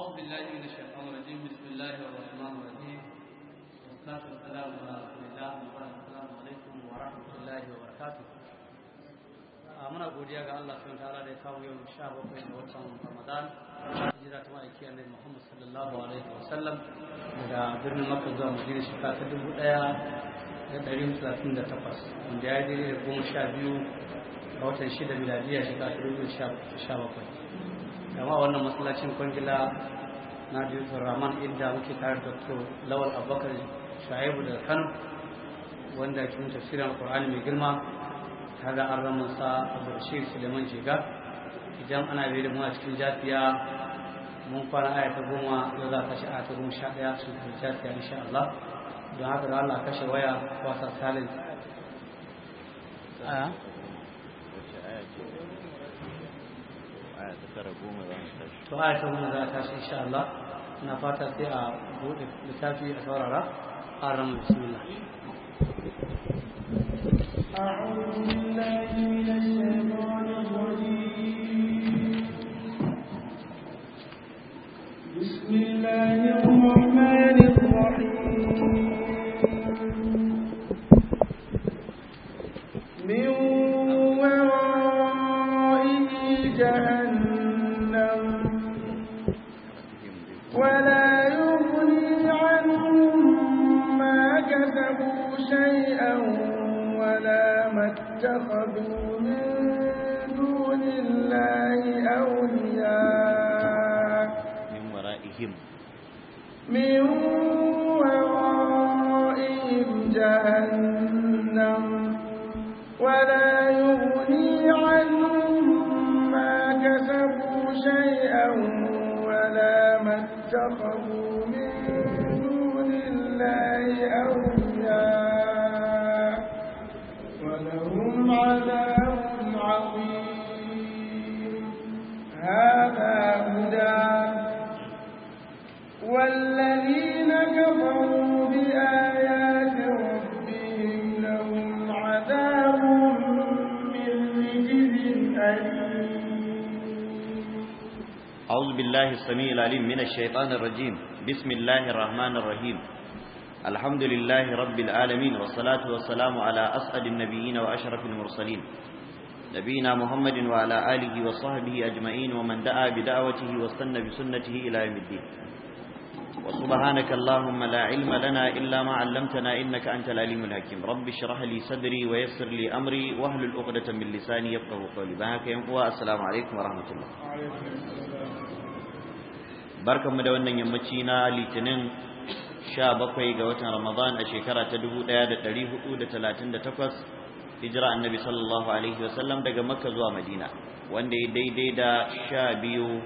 أعوذ بالله من الشيطان الرجيم بسم الله الرحمن الرحيم والصلاة والسلام على رسول الله السلام عليكم ورحمة الله وبركاته muna godiya ga Allah sun tara da ya kawo sha bakwai da watan Ramadan hijira ta ma'aiki annabi Muhammad sallallahu alaihi wa sallam daga birnin zuwa Madina shekara ta dubu ɗaya da ɗari talatin da takwas wanda ya goma sha biyu a watan shida sha bakwai kama wannan masallacin kwangila na jifin rahman inda muke tare da dr lawal abubakar shaibu da kano wanda ke tafsirin alkur'ani mai girma tare da an ramunsa abdulrashid suleiman jiga idan ana bai da mu a cikin jafiya mun kwana aya goma yau za ta shi aya ta goma sha ɗaya su da jafiya insha Allah don haka da Allah kashe waya wasa salin. aya ta tara goma za mu tashi to ta za a tashi insha Allah ina fata sai a bude littafi a saurara a bismillah أعوذ بالله من الشيطان الرجيم بسم الله الرحمن الرحيم اتخذوا من دون الله أولياء من ورائهم من ورائهم جهنم ولا يغني عنهم ما كسبوا شيئا ولا ما اتخذوا من دون الله أولياء بالله السميع العليم من الشيطان الرجيم بسم الله الرحمن الرحيم الحمد لله رب العالمين والصلاة والسلام على أسعد النبيين وأشرف المرسلين نبينا محمد وعلى آله وصحبه أجمعين ومن دعا بدعوته واستنى بسنته إلى يوم الدين وسبحانك اللهم لا علم لنا إلا ما علمتنا إنك أنت العليم الحكيم رب اشرح لي صدري ويسر لي أمري واهل الأقدة من لساني يفقه قولي بهاك ينقوى السلام عليكم ورحمة الله mu da wannan yammaci na litinin 17 ga watan ramadan a shekara ta 1438 hijira annabi sallallahu alaihi wasallam daga makka zuwa madina wanda ya daidai da 12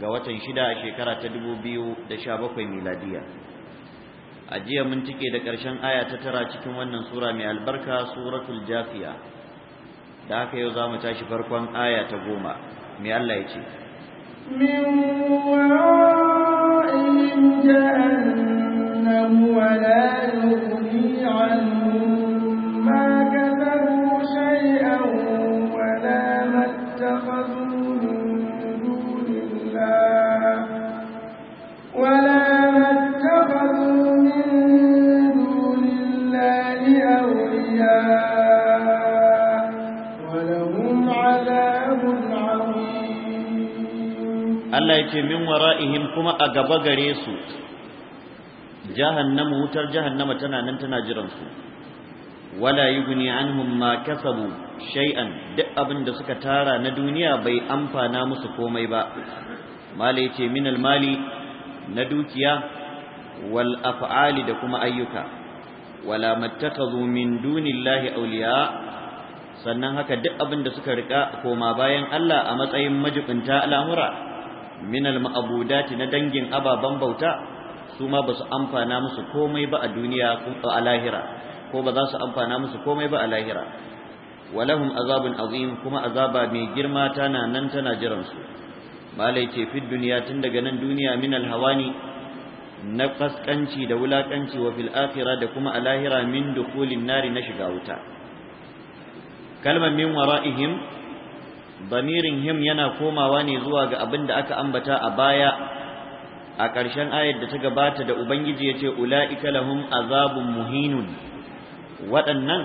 ga watan 6 a shekara ta 2017 miladiya a jiya mun cike da ƙarshen aya ta tara cikin wannan sura mai albarka suratul jafiya da haka yau za mu tashi farkon aya ta goma mai Allah ya ce جهنم ولا يغني عنهم Allah ya ce min wara'ihim kuma a gaba gare su jahannama wutar jahannama tana nan tana jiran su wala yughni anhum ma kasabu shay'an duk abin da suka tara na duniya bai amfana musu komai ba mala yace min almali na dukiya wal af'ali da kuma ayyuka wala mattakhadhu min dunillahi awliya sannan haka duk abin da suka rika koma bayan Allah a matsayin majibinta al'amura min al-ma'budati na dangin ababan bauta su ma ba su amfana musu komai ba a duniya ko a lahira ko ba za su amfana musu komai ba a lahira walahum azabun azim kuma azaba mai girma tana nan tana jiran su malai ce fi duniya tun daga nan duniya min al-hawani na kaskanci da wulakanci wa fil akhirah da kuma a lahira min dukulin nari na shiga wuta kalmar min wara'ihim Bamirin him yana komawa ne zuwa ga abinda aka ambata a baya a ƙarshen ayar da ta gabata da ubangiji ya ce ula'ika lahum azabun muhinun waɗannan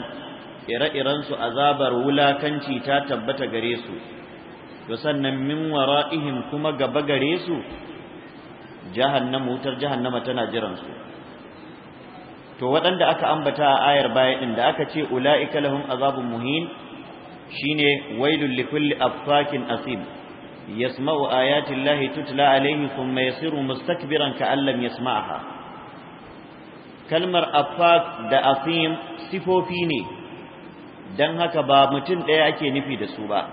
ire-irensu azabar wulakanci ta tabbata gare su to sannan min wara'ihim kuma gaba gare su jahannama wutar jahannama tana jiransu to waɗanda aka ambata a ayar baya ɗin da aka ce ula'ika lahum azabun muhin shine wailul likulli affakin asim yasma'u ayati llahi tutla alayhi thumma yasiru mustakbiran ka'an lam yasma'aha kalmar affak da asim sifofi ne dan haka ba mutum ɗaya ake nufi da su ba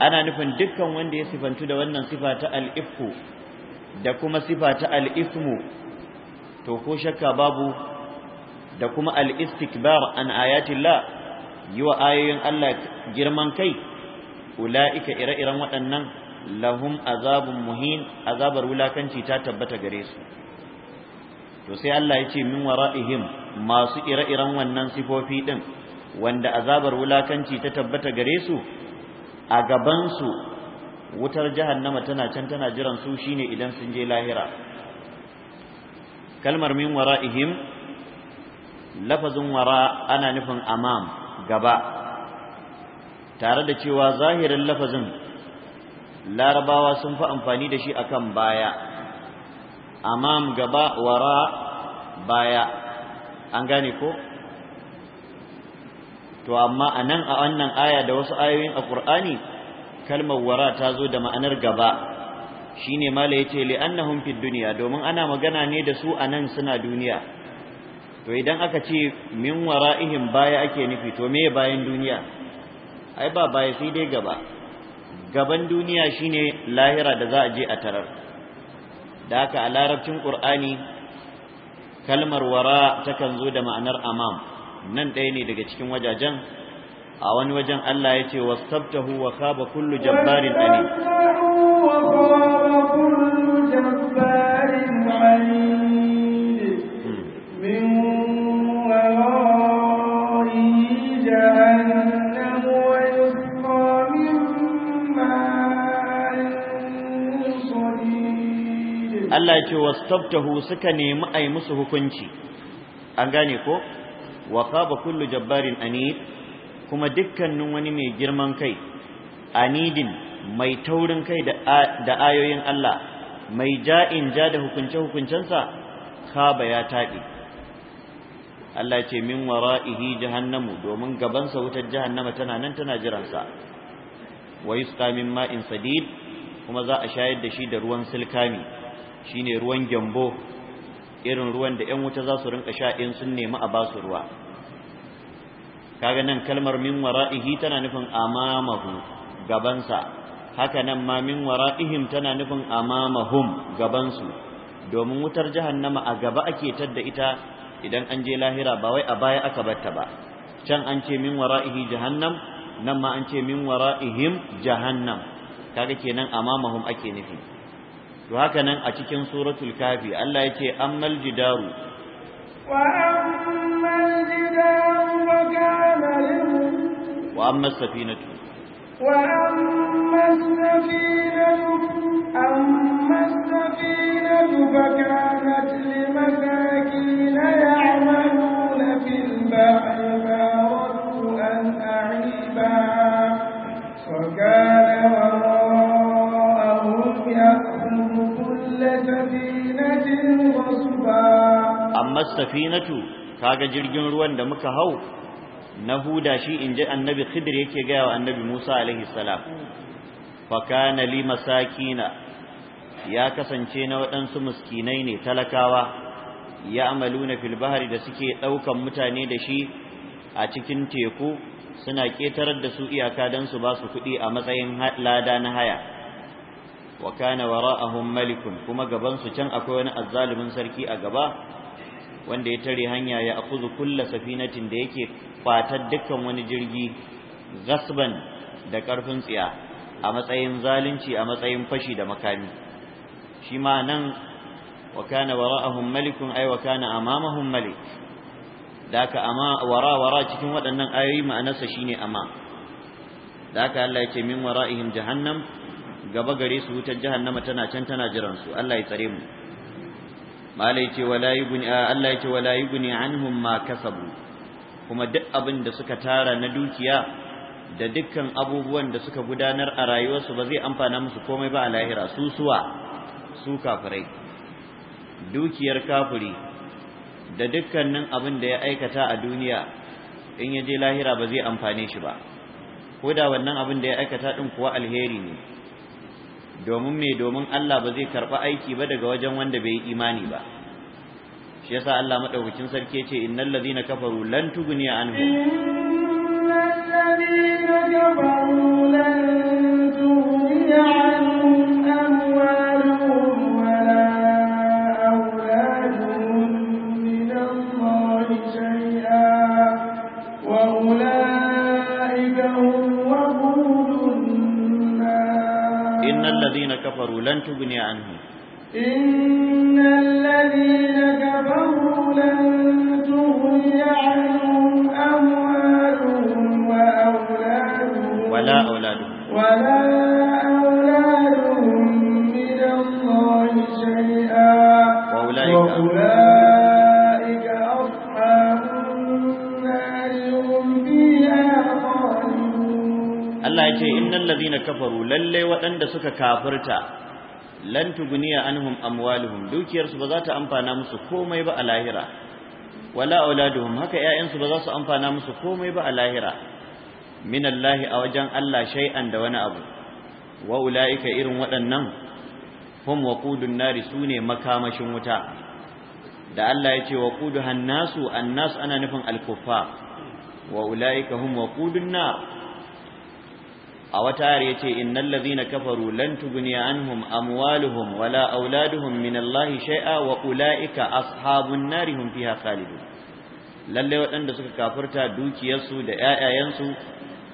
ana nufin dukkan wanda ya sifantu da wannan sifa ta al-ifku da kuma sifa ta al-ismu to ko shakka babu da kuma al-istikbar an ayatillah yi wa ayoyin Allah girman kai ula'ika ire-iren waɗannan lahum azabun muhin azabar wulakanci ta tabbata gare su to sai Allah ya ce min ra'ihim masu ire-iren wannan sifofi ɗin, wanda azabar wulakanci ta tabbata gare su a gabansu wutar wutar jahannama tana can tana jiran su shine idan sun je lahira kalmar min wara'ihim lafazin wara ana nufin amam gaba tare da cewa zahirin lafazin larabawa sun fi amfani da shi akan baya amam gaba wara baya an gane ko to amma a nan a wannan aya da wasu ayoyin a ƙur'ani kalmar wara ta zo da ma'anar gaba shine mala ce li li'annahun fi duniya domin ana magana ne da su a nan suna duniya to idan aka ce min wara'ihim baya ake nufi to me bayan duniya ai ba baya sai dai gaba gaban duniya shine lahira da za a je a tarar da haka a larabcin qur'ani kalmar wara takan zo da ma'anar amam nan ɗaya ne daga cikin wajajen a wani wajen Allah ya ce wastabtahu wa khaba kullu jabbarin ani hmm. min Allah ya ce wastaftahu suka nemi ai musu hukunci an gane ko wa khaba kullu jabbarin anid kuma dukkanin wani mai girman kai anidin mai taurin kai da ayoyin Allah mai ja'in ja da hukunce hukuncensa khaba ya taɗi Allah ya ce min wara'ihi jahannamu domin gabansa wutar jahannama tana nan tana jiransa wa yusqa min ma'in sadid kuma za a shayar da shi da ruwan silkami shine ruwan gyambo irin ruwan da 'yan wuta za su rinka sha in sun nemi a ba su ruwa kaga nan kalmar min wara'ihi tana nufin amamahu gabansa haka nan ma min wara'ihim tana nufin amamahum gabansu domin wutar jahannama a gaba ake tadda ita idan an je lahira ba wai a baya aka batta ba can an ce min wara'ihi jahannam nan ma an ce min wara'ihim jahannam kaga kenan amamahum ake nufi to haka nan a cikin suratul kafi Allah yake ce ammal jidaru wa ammal jidaru wa kana wa ammas safinatu wa ammas safinatu ammas safinatu fa kanat limasakin ya amma safinatu kaga jirgin ruwan da muka hau na huda shi inji annabi khidr yake gaya wa annabi musa alaihi salam fa kana li masakina ya kasance na waɗansu muskinai ne talakawa ya amaluna fil bahri da suke ɗaukan mutane da shi a cikin teku suna ƙetarar da su iyaka don su ba su kuɗi a matsayin lada na haya wa kana wara'ahum malikun kuma gabansu can akwai wani azzalumin sarki a gaba wanda ya tare hanya ya akuzu kulla safinatin da yake kwatar dukkan wani jirgi gasban da karfin tsiya a matsayin zalunci a matsayin fashi da makami shi ma nan wa kana wara'ahum malikun ay wa kana amamahum malik daka ama wara wara cikin waɗannan ayoyi ma'anarsa shine ama daka Allah yake min wara'ihim jahannam gaba gare su wutar jahannama tana can tana jiran su Allah ya tsare mu mala yace wala yugni Allah yake wala yugni anhum ma kasabu kuma duk abin da suka tara na dukiya da dukkan abubuwan da suka gudanar a rayuwarsu ba zai amfana musu komai ba a lahira su suwa su kafirai dukiyar kafiri da dukkanin abin da ya aikata a duniya in ya je lahira ba zai amfane shi ba ko da wannan abin da ya aikata din kuwa alheri ne domin me domin Allah ba zai karɓi aiki ba daga wajen wanda bai yi imani ba shi yasa Allah madaukakin sarki yace innal ladina kafaru lan tughni anhum innal ladina kafaru lan كفروا لن تغني عنهم إن الذين كفروا لن تغني عنهم أموالهم وأولادهم ولا أولادهم ولا أولادهم من الله شيئا وأولئك, وأولئك أصحاب النار هم فيها خالدون Allah ya ce innal ladina kafaru lalle waɗanda suka kafirta lan tuguniya anhum amwaluhum dukiyarsu ba za ta amfana musu komai ba a lahira wala auladuhum haka ƴaƴansu ba za su amfana musu komai ba a lahira minallahi a wajen Allah shay'an da wani abu wa ulaika irin waɗannan hum waqudun nari sune makamashin wuta da Allah ya ce waquduhan nasu annas ana nufin alkuffar wa ulaika hum waqudun nar a wata yar yace innal na kafaru guniya an hum amwaluhum wala auladuhum min Allah shai'a, wa ulaika ashabun nari hum fiha khalidun lalle waɗanda suka kafirta dukiyarsu da ƴaƴayensu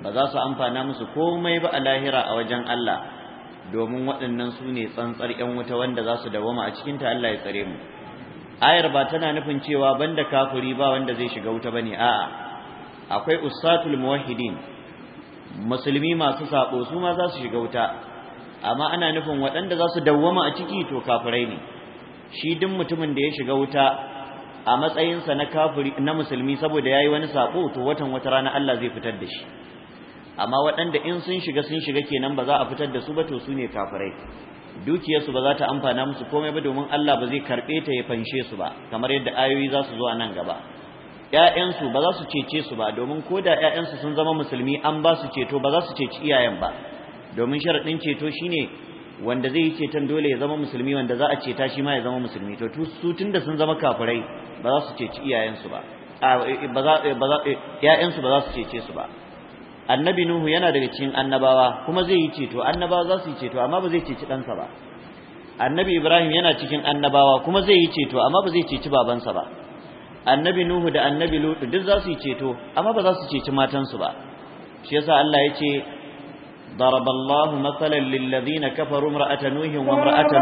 ba za su amfana musu komai ba a lahira a wajen Allah domin waɗannan su ne tsantsar 'yan wuta wanda za su dawama a cikin ta Allah ya tsare mu ayar ba tana nufin cewa banda kafuri ba wanda zai shiga wuta bane a'a akwai ussatul muwahhidin musulmi masu sabo su ma za su shiga wuta amma ana nufin waɗanda za su dawwama a ciki to kafirai ne shi duk mutumin da ya shiga wuta a matsayinsa na kafiri na musulmi saboda yayi wani sabo to watan wata rana Allah zai fitar da shi amma waɗanda in sun shiga sun shiga kenan ba za a fitar da su ba to su ne kafirai dukiyarsu ba za ta amfana musu komai ba domin Allah ba zai karɓe ta ya fanshe su ba kamar yadda ayoyi za su zo a nan gaba ‘ya'yansu ba za su cece su ba domin ko da ‘ya'yansu sun zama musulmi an ba su ceto ba za su ceci iyayen ba domin sharaɗin ceto shine wanda zai yi ceton dole ya zama musulmi wanda za a ceta shi ma ya zama musulmi to su tun da sun zama kafirai ba za su ceci iyayensu ba ‘ya'yansu e, e, e, ba za su cece su ba annabi nuhu yana daga cikin annabawa kuma zai yi ceto annabawa za su yi ceto amma ba zai ceci ɗansa ba annabi ibrahim yana cikin annabawa kuma zai yi ceto amma ba zai ceci babansa ba annabi nuhu da annabi lutu duk za su yi ceto amma ba za su ceci matansu ba shi yasa Allah ya ce ضرب الله مثلا للذين كفروا امرأة نوح وامرأة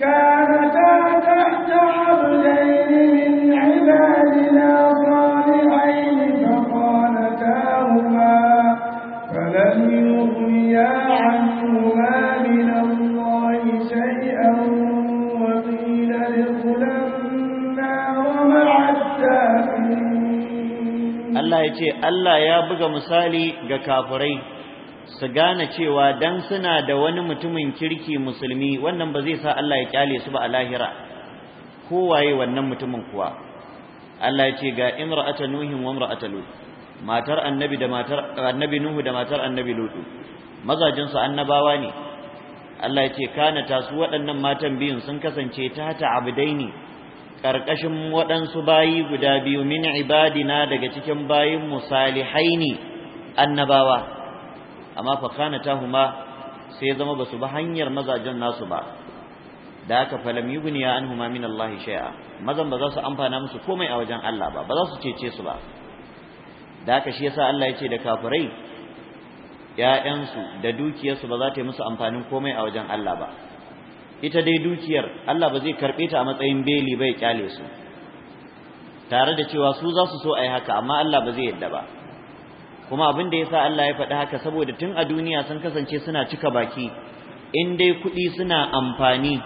كانتا تحت من ce Allah ya buga misali ga kafirai su gane cewa dan suna da wani mutumin kirki musulmi wannan ba zai sa Allah ya kyale su ba a lahira kowaye wannan mutumin kuwa Allah ya ce ga imra'ata nuhin wa imra'ata lut matar annabi da matar annabi nuhu da matar annabi lut mazajin su annabawa ne Allah ya ce kana tasu waɗannan matan biyun sun kasance ta ta abudaini ƙarƙashin waɗansu bayi guda biyu min ibadina daga cikin bayin musalihai ne annabawa amma Fakana ta huma sai zama ba su ba hanyar mazajen nasu ba da haka falam an huma min Allah shay'a mazan ba za su amfana musu komai a wajen Allah ba ba za su cece su ba da haka shi yasa Allah ya ce da kafirai ‘ya'yansu da dukiyarsu ba za ta yi musu amfanin komai a wajen Allah ba’ ita dai dukiyar Allah ba zai karbe ta a matsayin beli bai kyale su tare da cewa su za su so ayi haka amma Allah ba zai yadda ba kuma abin da ya sa Allah ya faɗi haka saboda tun a duniya sun kasance suna cika baki in dai kuɗi suna amfani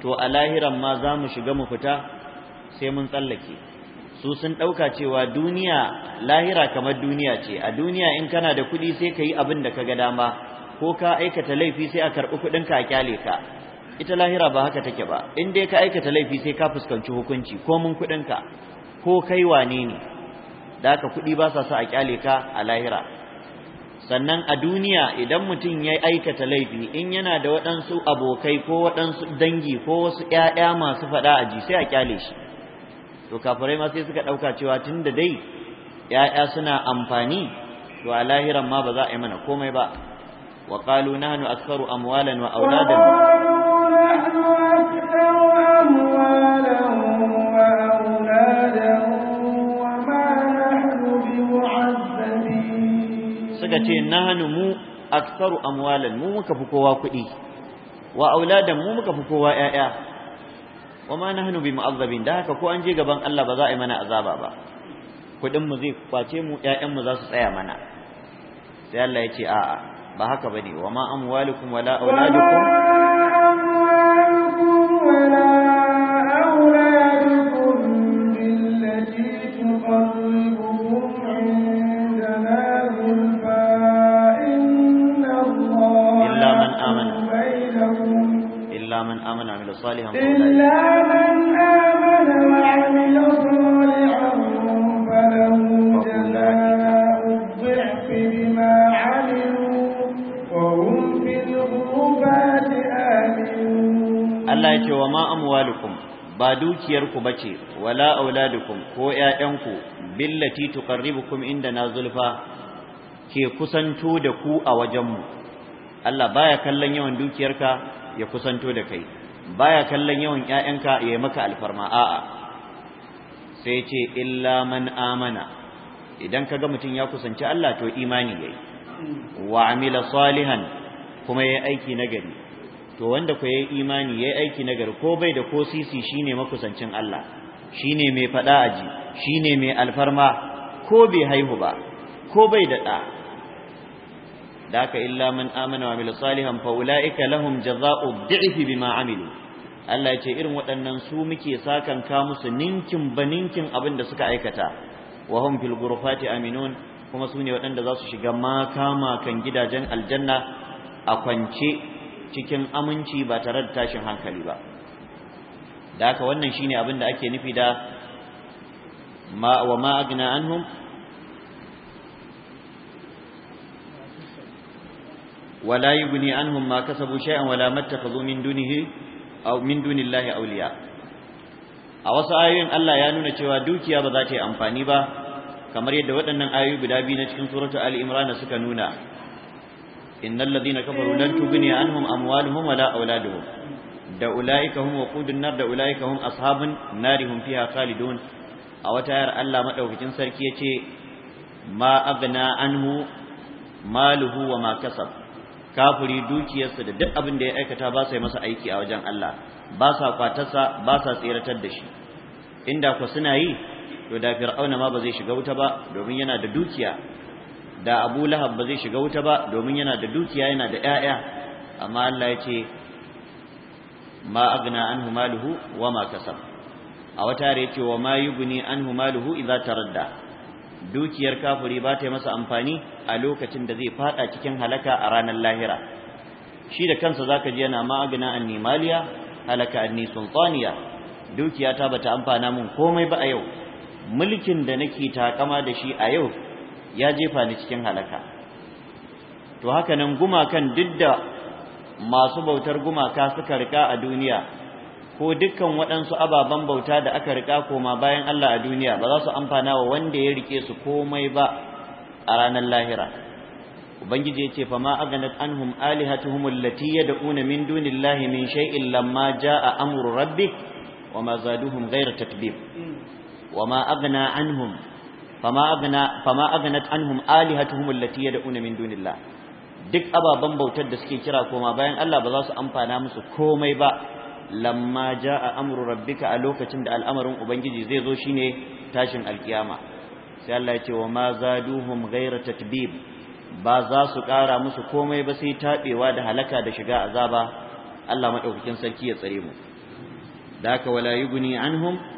to a lahiran ma za mu shiga mu fita sai mun tsallake su sun ɗauka cewa duniya lahira kamar duniya ce a duniya in kana da kuɗi sai ka yi abin da ka ga dama ko ka aikata laifi sai a karɓi kuɗinka a kyale ka ita lahira ba haka take ba in dai ka aikata laifi sai ka fuskanci hukunci ko mun ka ko kai wane ne da haka kudi ba sa sa a kyale ka a lahira sannan a duniya idan mutum ya aikata laifi in yana da waɗansu abokai ko waɗansu dangi ko wasu ƴaƴa masu faɗa a ji sai a kyale shi to kafirai ma sai suka ɗauka cewa tun da dai ƴaƴa suna amfani to a lahiran ma ba za a yi mana komai ba وقالوا نحن أكثر أموالا وأولادا suka ce hannu mu aktsaru amwalan mu muka fi kowa kuɗi wa auladan mu muka fi kowa ƴaƴa na hannu bi mu'azzabin da haka ko an je gaban Allah ba za a yi mana azaba ba kuɗin mu zai kwace mu ƴaƴan mu za su tsaya mana sai Allah ya ce a'a ba haka bane wa ma amwalukum wala auladukum dukiyarku bace wala auladukum ko ƴaƴanku billati tuqarribukum indana zulfa ke kusanto da ku a wajenmu Allah baya kallon yawan dukiyarka ya kusanto da kai baya kallon yawan ƴaƴanka ya yi maka alfarma a'a sai ce illa man amana idan kaga mutum ya kusanci Allah to imani yayi wa amila salihan kuma yayi aiki nagari to wanda ku yi imani yayi aiki nagari ko bai da ko sisi shine makusancin Allah shine mai fada aji shine mai alfarma ko bai haihu ba ko bai da da daka illa man amana wa amila salihan fa ulaika lahum jazaa'u dhi'fi bima amilu Allah ya ce irin waɗannan su muke sakan ka musu ninkin baninkin abin da suka aikata wa hum fil aminun kuma su ne waɗanda za su shiga makama kan gidajen aljanna a kwance cikin aminci ba tare da tashin hankali ba da haka wannan shine abin da ake nufi da ma wa ma agna anhum wala yughni anhum ma kasabu shay'an wala mattakhadhu min dunihi aw min dunillahi awliya a wasu ayoyin Allah ya nuna cewa dukiya ba za ta yi amfani ba kamar yadda waɗannan ayoyi guda biyu na cikin suratu Ali Imran suka nuna innal ladina kafaru lan tughni anhum amwaluhum wala auladuhum da ulaika hum waqudun nar da ulaika hum ashabun narihum fiha khalidun a wata yar Allah madaukakin sarki yace ma aghna anhu maluhu wa ma kasab kafiri dukiyarsa da duk abin da ya aikata ba sai masa aiki a wajen Allah ba sa kwatarsa ba sa tseratar da shi inda ku suna yi to da fir'auna ma ba zai shiga wuta ba domin yana da dukiya da Abu Lahab ba zai shiga wuta ba domin yana da dukiya yana da 'ya'ya amma Allah ya ce ma agna anhu maluhu wa ma kasab a wata ya ce wa ma yughni anhu maluhu idza taradda dukiyar kafuri ba ta yi masa amfani a lokacin da zai fada cikin halaka a ranar lahira shi da kansa zaka ji yana agna anni maliya halaka anni sultaniya dukiya ta bata amfana mun komai ba a yau mulkin da nake takama da shi a yau ya jefa ni cikin halaka to haka nan gumakan duk da masu bautar gumaka suka rika a duniya ko dukkan waɗansu ababen bauta da aka rika koma bayan Allah a duniya ba za su amfana wa wanda ya rike su komai ba a ranar lahira ubangiji ya ce fa ma aganat anhum alihatuhum allati yad'una min dunillahi min shay'in lamma jaa amru rabbih wa ma zaduhum ghayra tatbib mm. wa ma aghna anhum fama agna fama agnat anhum alihatuhum allati yad'una min dunillah duk ababan bautar da suke kira koma bayan Allah ba za su amfana musu komai ba lamma jaa amru rabbika a lokacin da al'amarin ubangiji zai zo shine tashin alkiyama sai Allah ya ce wa ma zaduhum ghayra tatbib ba za su kara musu komai ba sai tabewa da halaka da shiga azaba Allah madaukakin sarki ya tsare mu da haka wala yughni anhum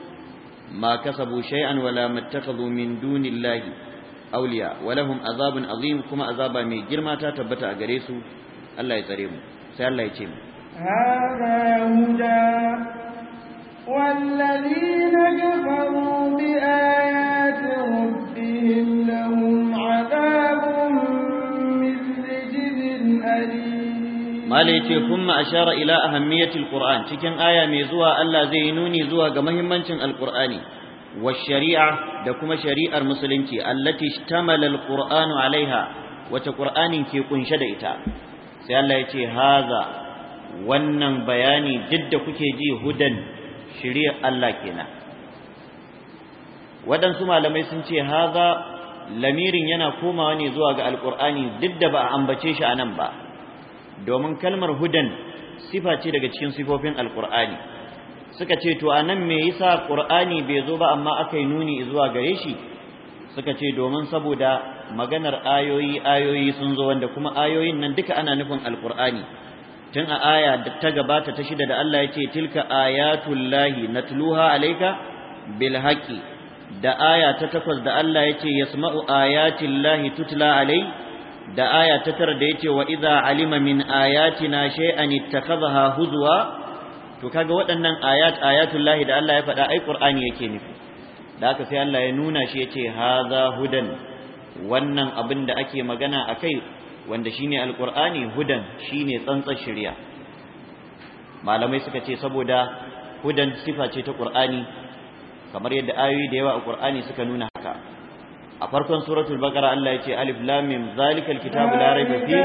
ما كسبوا شيئا ولا ما اتخذوا من دون الله أولياء ولهم عذاب عظيم كما عذاب من جرما تتبت أغريسو الله يتريم سأل الله يتيم هذا هدى والذين كفروا بآيات ربهم لهم عذاب من رجل أليم mala ce kuma ashara ila a ahammiyatil qur'an cikin aya mai zuwa Allah zai yi nuni zuwa ga muhimmancin alqur'ani wa shari'a da kuma shari'ar musulunci ta ishtamala alqur'anu alaiha wace ƙur'anin ke kunshe da ita sai Allah yace haza wannan bayani duk da kuke ji hudan shari'ar Allah kenan waɗansu malamai sun ce haza lamirin yana komawa ne zuwa ga alqur'ani duk da ba a ambace shi a nan ba domin kalmar hudan sifa ce daga cikin sifofin alqur'ani suka ce to anan me yasa qur'ani bai zo ba amma aka yi nuni zuwa gare shi suka ce domin saboda maganar ayoyi ayoyi sun zo wanda kuma ayoyin nan duka ana nufin alqur'ani tun a aya ta gabata ta shida da Allah ya ce tilka ayatullahi natluha alayka bil haqi da aya ta takwas da Allah ya ce yasma'u lahi tutla alai da aya ta tara da yace wa idza alima min ayatina shay'an ittakhadha huzwa to kaga waɗannan ayat ayatullahi da Allah ya faɗa ai qur'ani yake nufi da haka sai Allah ya nuna shi yace hadha hudan wannan abin da ake magana akai wanda shine alqur'ani hudan shine tsantsar shari'a malamai suka ce saboda hudan sifa ce ta qur'ani kamar yadda ayoyi da yawa a qur'ani suka nuna haka a farkon suratul baqara Allah ya ce alif lam mim zalikal kitabu la raiba fi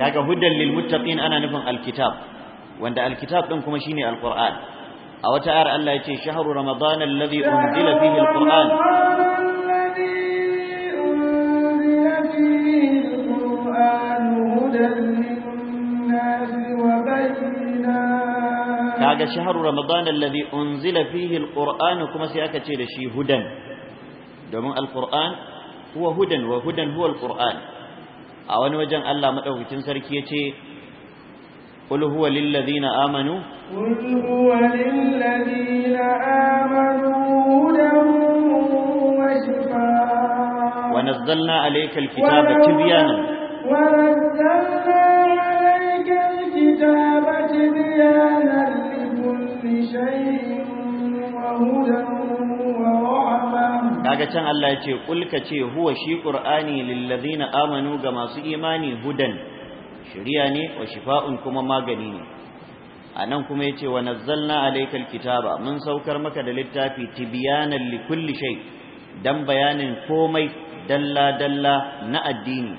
kaga hudan lil muttaqin ana nufin alkitab wanda alkitab din kuma shine alquran a wata ayar Allah ya ce shahru ramadan alladhi unzila fihi alquran شهر رمضان الذي أنزل فيه القرآن كما سيأكا شي هدى دوما القرآن هو هدى وهدى هو القرآن أولا وجن الله مدعوك تنسرك يتي قل هو للذين آمنوا قل هو للذين آمنوا هدى وشفاء ونزلنا عليك الكتاب تبيانا ونزلنا عليك الكتاب تبيانا kaga can Allah ya ce kulka ce huwa shi qur'ani na amanu ga masu imani hudan shiriya ne wa shifa'un kuma magani ne anan kuma yace wa nazzalna alaykal kitaba mun saukar maka da littafi tibyanan likulli shay dan bayanin komai dalla dalla na addini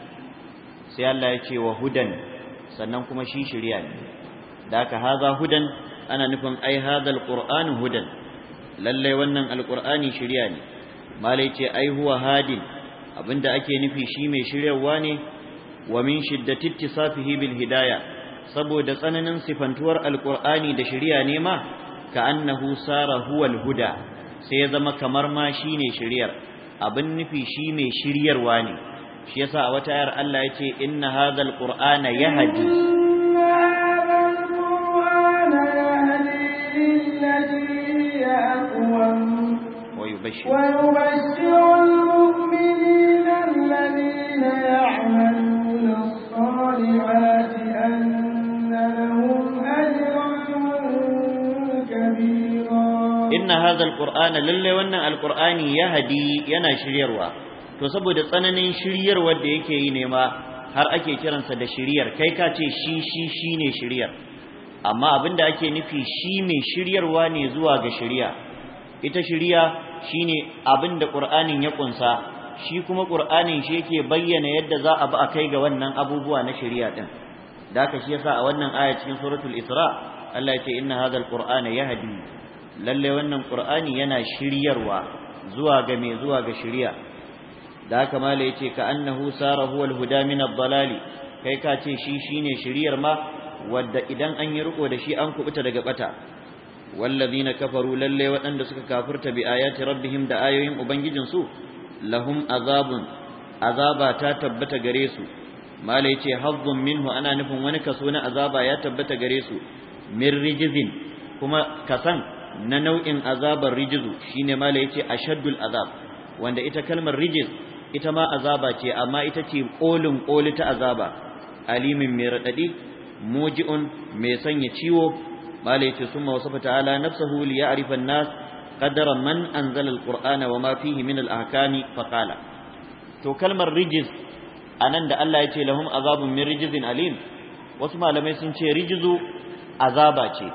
sai Allah ya ce wa hudan sannan kuma shi shirya ne da haka haza hudan ana nufin ai hadal qur'an hudan lalle wannan alqur'ani shiriya ne malai ce ai huwa hadin abinda ake nufi shi mai shiryawa ne wa min shiddati ittisafihi bil hidaya saboda tsananin sifantuwar alqur'ani da shiriya ne ma ka annahu sara huwal huda sai ya zama kamar ma shine shiryar abin nufi shi mai shiryarwa ne shi yasa a wata ayar Allah yace inna hadhal qur'ana yahdi ويبشر ويبشر المؤمنين الذين يعملون الصالحات أن لهم أجرا كبيرا إن to saboda tsananin shiryarwar da yake yi nema har ake kiransa da shiryar kai ka ce shi shi ne shiryar amma abinda ake nufi shi mai shiryarwa ne zuwa ga shiriya ita shiriya shine abin da Qur'anin ya ƙunsa, shi kuma Qur'anin shi yake bayyana yadda za a bi a kai ga wannan abubuwa na shari'a ɗin. da haka shi yasa a wannan aya cikin suratul Isra Allah ya ce inna hadha ya yahdi lalle wannan Qur'ani yana shiryarwa zuwa ga me zuwa ga shari'a da haka mala yace ka annahu sara huwa al-huda min ad kai ka ce shi shine shiriyar ma wadda idan an yi riko da shi an kubuta daga ɓata. na kafaru lallai waɗanda suka kafirta bi ayati rabbihim da ayoyin ubangijin su lahum azabun ta tabbata gare su mala minhu ana nufin wani kaso na azaba ya tabbata gare su min rijizin kuma kasan na nau'in azabar rijizu shine mala yace ashaddul azab wanda ita kalmar rijiz ita ma azaba ce amma ita ce kolin koli ta azaba alimin mai radadi muji'un mai sanya ciwo mala yace summa wasafa ta'ala nafsuhu li ya'rifa an-nas qadara man anzala al wa ma min al fa qala to kalmar rijiz anan da Allah yace lahum azabun min rijizin alim wasu malamai sun ce rijizu azaba ce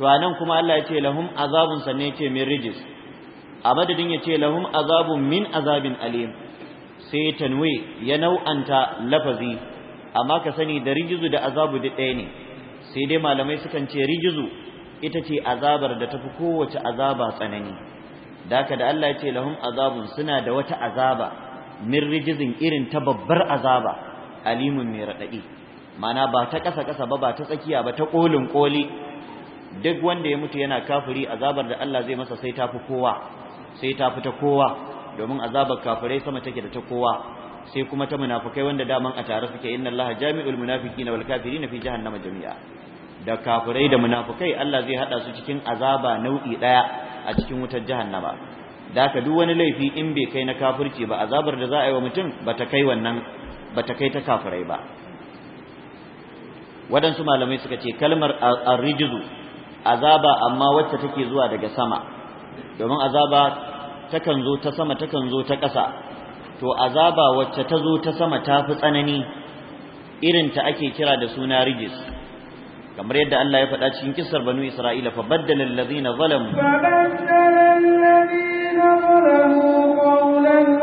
to anan kuma Allah yace lahum azabun sanne yace min rijiz a madadin yace lahum azabun min azabin alim sai tanwe ya nau'anta lafazi amma ka sani da rijizu da azabu da ɗaya ne sai dai malamai sukan ce rijizu ita ce azabar da tafi kowace azaba tsanani daka da Allah ya ce lahum azabun suna da wata azaba min rijizin irin ta babbar azaba alimun mai raɗaɗi mana ba ta ƙasa ƙasa ba ba ta tsakiya ba ta kolin koli duk wanda ya mutu yana kafiri azabar da Allah zai masa sai tafi kowa sai tafi ta kowa domin azabar kafirai sama take da ta kowa sai kuma ta munafikai wanda daman a tare suke inna Allah jami'ul munafiqina wal kafirina fi jahannama jami'a da kafirai da munafikai Allah zai hada su cikin azaba nau'i daya a cikin wutar jahannama da ka duk wani laifi in bai kai na kafirci ba azabar da za a yi wa mutum bata kai wannan ta kai ta kafirai ba wadansu malamai suka ce kalmar arrijizu azaba amma wacce take zuwa daga sama domin azaba takan zo ta sama takan zo ta ƙasa to azaba wacce ta zo ta sama ta fi tsanani irin ta ake kira da suna rigis, kamar yadda Allah ya faɗa cikin kissar banu Isra'ila fa baddala allazina zalamu fa baddala allazina zalamu qawlan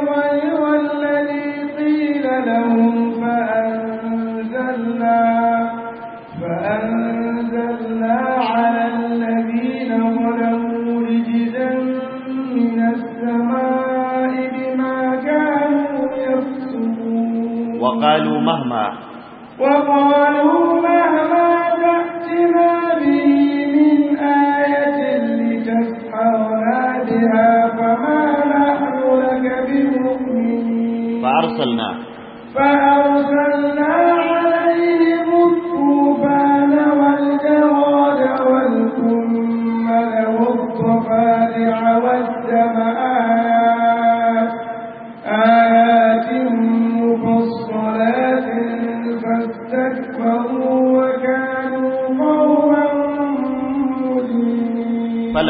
وقالوا مهما وقالوا مهما تأتنا به من آية لتسحرنا بها فما نحن لك بمؤمنين فأرسلنا فأرسلنا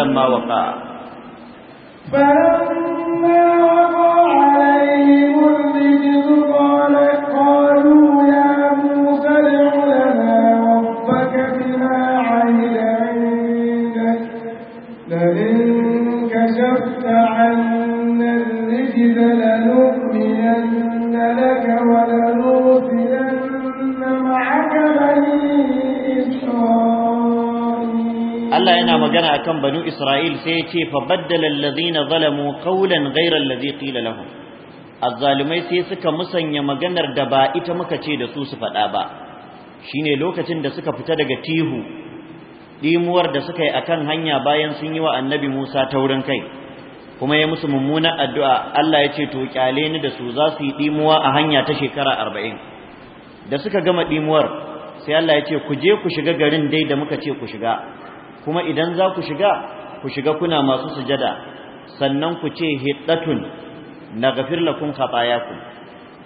لما وقع ce fa baddala allazina zalamu qawlan ghayra allazi qila lahum azzalimai sai suka musanya maganar da ba ita muka ce da su su faɗa ba shine lokacin da suka fita daga tihu dimuwar da suka yi akan hanya bayan sun yi wa annabi Musa taurin kai kuma ya musu mummunar addu'a Allah ya ce to kyale ni da su za su yi dimuwa a hanya ta shekara 40 da suka gama dimuwar sai Allah ya ce ku je ku shiga garin dai da muka ce ku shiga kuma idan za ku shiga ku shiga kuna masu sujada sannan ku ce hiddatun naghfir lakum khatayakum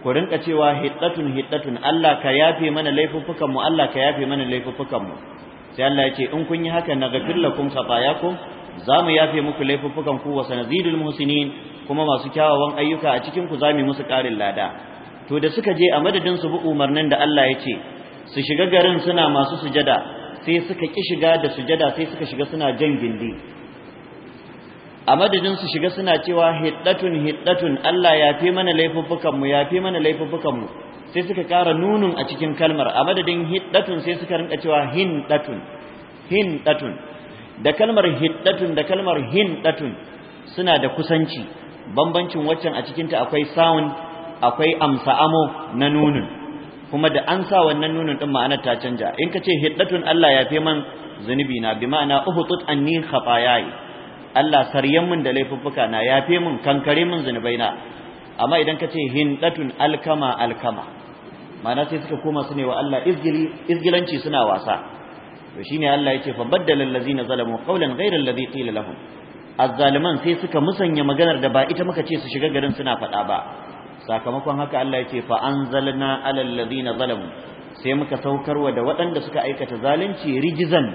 ku rinka cewa hiddatun hiddatun Allah ka yafe mana laifuffukan mu Allah ka yafe mana laifuffukan mu sai Allah ya in kun yi haka naghfir lakum khatayakum za mu yafe muku laifuffukan ku wa sanazidul muhsinin kuma masu kyawawan ayyuka a cikin ku zamu musu karin lada to da suka je a madadin su bu umarnin da Allah ya ce su shiga garin suna masu sujada sai suka ki shiga da sujada sai suka shiga suna jan gindi a madadin su shiga suna cewa hiddatun hiddatun Allah ya fi mana laifuffukan mu ya fi mana laifuffukan mu sai suka ƙara nunun a cikin kalmar a madadin hiddatun sai suka rinka cewa hindatun hindatun da kalmar hiddatun da kalmar hindatun suna da kusanci bambancin waccan a cikinta akwai sound akwai amsa amo na nunun kuma da an sa wannan nunun din ma'anar ta canja in ka ce hiddatun Allah ya fi man zunubi na bi ma'ana uhutut anni khafayai Allah saryan mun da laifuffuka na yafe mun kankare mun zunubai na amma idan ka ce hindatun alkama alkama ma'ana sai suka koma su ne wa Allah izgilanci suna wasa to shine Allah yake fa baddala allazina zalamu qawlan ghayra allazi qila lahum azzaliman sai suka musanya maganar da ba ita muka ce su shiga garin suna faɗa ba sakamakon haka Allah yake fa anzalna alal ladina zalamu sai muka saukarwa da waɗanda suka aikata zalunci rijizan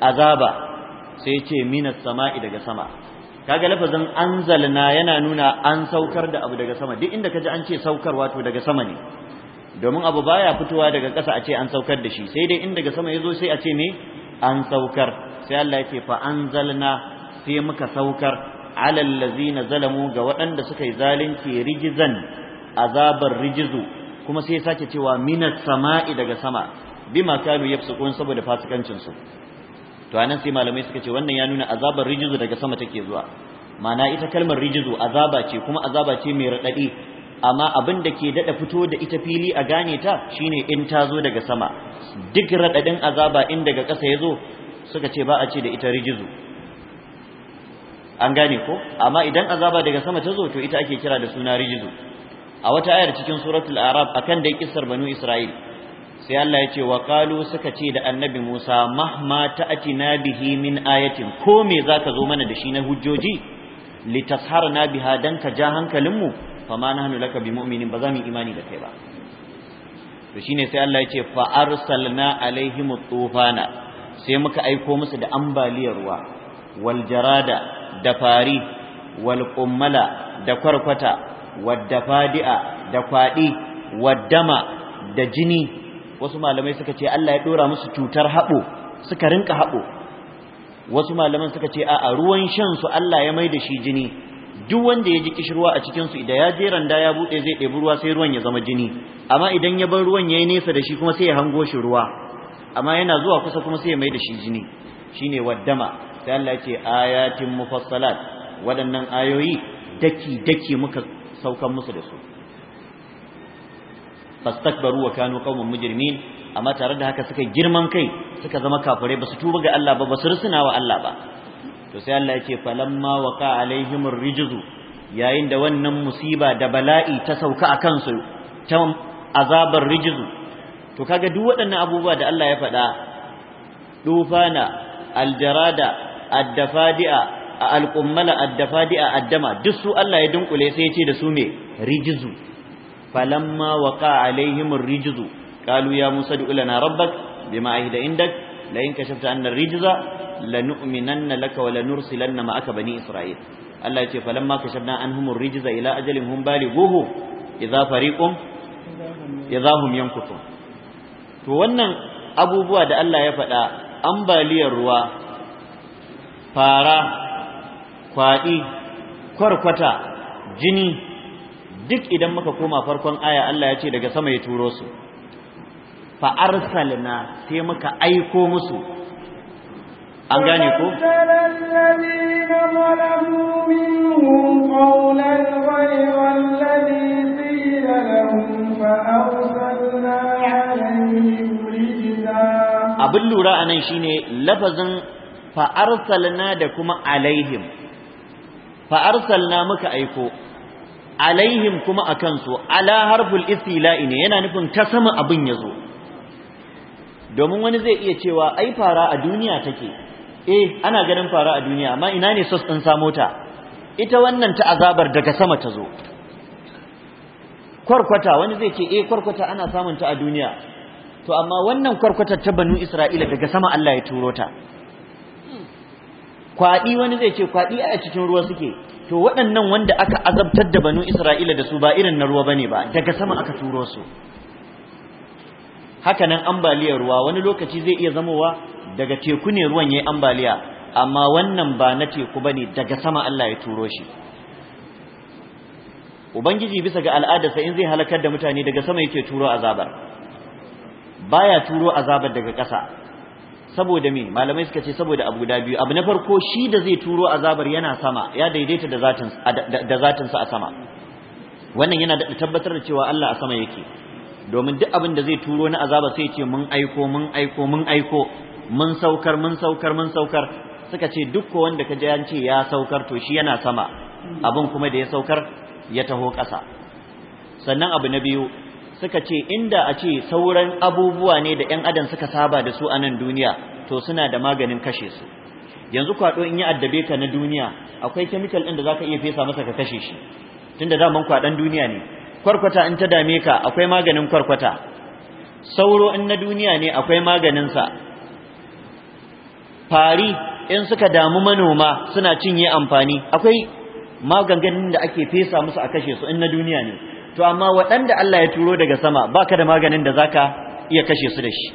azaba sai ya ce minas sama'i daga sama kaga lafazin anzalna yana nuna an saukar da abu daga sama duk inda kaji an ce saukarwa to daga sama ne domin abu baya fitowa daga ƙasa a ce an saukar da shi sai dai inda daga sama yazo sai a ce me an saukar sai Allah yake fa anzalna sai muka saukar alal ladzina zalamu ga waɗanda suka yi zalunci rijizan azabar rijizu kuma sai ya sake cewa minas sama'i daga sama bima kanu yafsukun saboda fasikancin su to anan sai malamai suka ce wannan ya nuna azabar rijizu daga sama take zuwa ma'ana ita kalmar rijizu azaba ce kuma azaba ce mai raɗaɗi amma abin da ke daɗa fito da ita fili a gane ta shine in ta zo daga sama duk raɗaɗin azaba in daga ƙasa ya zo suka ce ba a ce da ita rijizu an gane ko amma idan azaba daga sama ta zo to ita ake kira da suna rijizu a wata ayar cikin suratul arab akan dai kissar banu isra'il sai Allah ya ce wa suka ce da annabi Musa mahma ta'tina bihi min ayatin ko me zaka zo mana da shi na hujjoji litasharna biha dan ka ja hankalin mu fama nahnu laka bimu'minin ba za mu imani da kai ba to shine sai Allah ya ce fa arsalna alaihim tufana sai muka aiko musu da ambaliyar ruwa wal jarada da fari wal qummala da kwarkwata wadda fadi'a da kwadi waddama da jini wasu malamai suka ce Allah ya dora musu cutar haɓo suka rinka haɓo wasu malaman suka ce a'a ruwan shan su Allah ya mai da shi jini duk wanda ya ji kishirwa a cikin su idan ya je randa ya bude zai ɗebi ruwa sai ruwan ya zama jini amma idan ya bar ruwan yayi nesa da shi kuma sai ya hango shi ruwa amma yana zuwa kusa kuma sai ya mai da shi jini shine waddama sai Allah ya ce ayatin mufassalat waɗannan ayoyi daki daki muka saukan musu da su fastakbaru wa kanu qauman mujrimin amma tare da haka suka girman kai suka zama kafirai basu tuba ga Allah ba basu rusuna wa Allah ba to sai Allah yake falamma waqa alaihim arrijzu yayin da wannan musiba da bala'i ta sauka a kansu ta azabar rijzu to kaga duk waɗannan abubuwa da Allah ya faɗa dufana aljarada addafadi'a alqummala addafadi'a addama duk su Allah ya dunkule sai ya ce da su me rijzu فلما وقع عليهم الرجز قالوا يا موسى ادع لنا ربك بما عهد عندك لئن كشفت عنا الرجز لنؤمنن لك ولنرسلن معك بني إسرائيل الله يقول فلما كشفنا عنهم الرجز إلى أجل هم بالغوه إذا فريق إذا هم ينكثون wannan abubuwa da Allah ya faɗa ambaliyar ruwa fara kwaɗi kwarkwata jini duk idan muka koma farkon aya Allah ya ce daga sama ya turo su fa arsalna sai muka aiko musu an gane ko abin lura a nan shine lafazin fa arsalna da kuma alaihim fa arsalna muka aiko alaihim kuma a kansu ala harful istila'i ne yana nufin ta sama abin ya zo domin wani zai iya cewa ai fara a duniya take eh ana ganin fara a duniya amma ina ne sos ɗin samo ta ita wannan ta azabar daga sama ta zo kwarkwata wani zai ce eh kwarkwata ana samun a duniya to amma wannan kwarkwata ta banu isra'ila daga sama Allah ya turo ta kwaɗi wani zai ce kwaɗi a cikin ruwa suke to waɗannan wanda aka azabtar da banu isra'ila da su ba irin na ruwa bane ba daga sama aka turo su nan ambaliyar ruwa wani lokaci zai iya zamowa daga teku ne ruwan yayi ambaliya amma wannan ba na teku bane daga sama Allah ya turo shi ubangiji bisa ga al'ada al'adarsa in zai halakar da mutane daga sama yake turo azabar baya turo azabar daga ƙasa saboda me malamai suka ce saboda abu guda biyu abu na farko shi da zai turo azabar yana sama ya daidaita da zatin da zatin sa a sama wannan yana da tabbatar da cewa Allah a sama yake domin duk abin da zai turo na azaba sai ce mun aiko mun aiko mun aiko mun saukar mun saukar mun saukar suka ce duk ko wanda ka ji an ce ya saukar to shi yana sama abin kuma da ya saukar ya taho ƙasa sannan abu na biyu suka ce inda a ce sauran abubuwa ne da ‘yan adam suka saba da su a nan duniya to suna da maganin kashe su yanzu kwaɗo in yi addabe ka na duniya akwai kemikal ɗin da za ka iya fesa masa ka kashe shi tunda daman kwaɗon duniya ne kwarkwata in ta dame ka akwai maganin kwarkwata sauro in na duniya ne akwai maganinsa fari in suka damu manoma suna cinye amfani akwai maganganin da ake fesa musu a kashe su in na duniya ne to amma waɗanda Allah ya turo daga sama baka da maganin da zaka iya kashe su da shi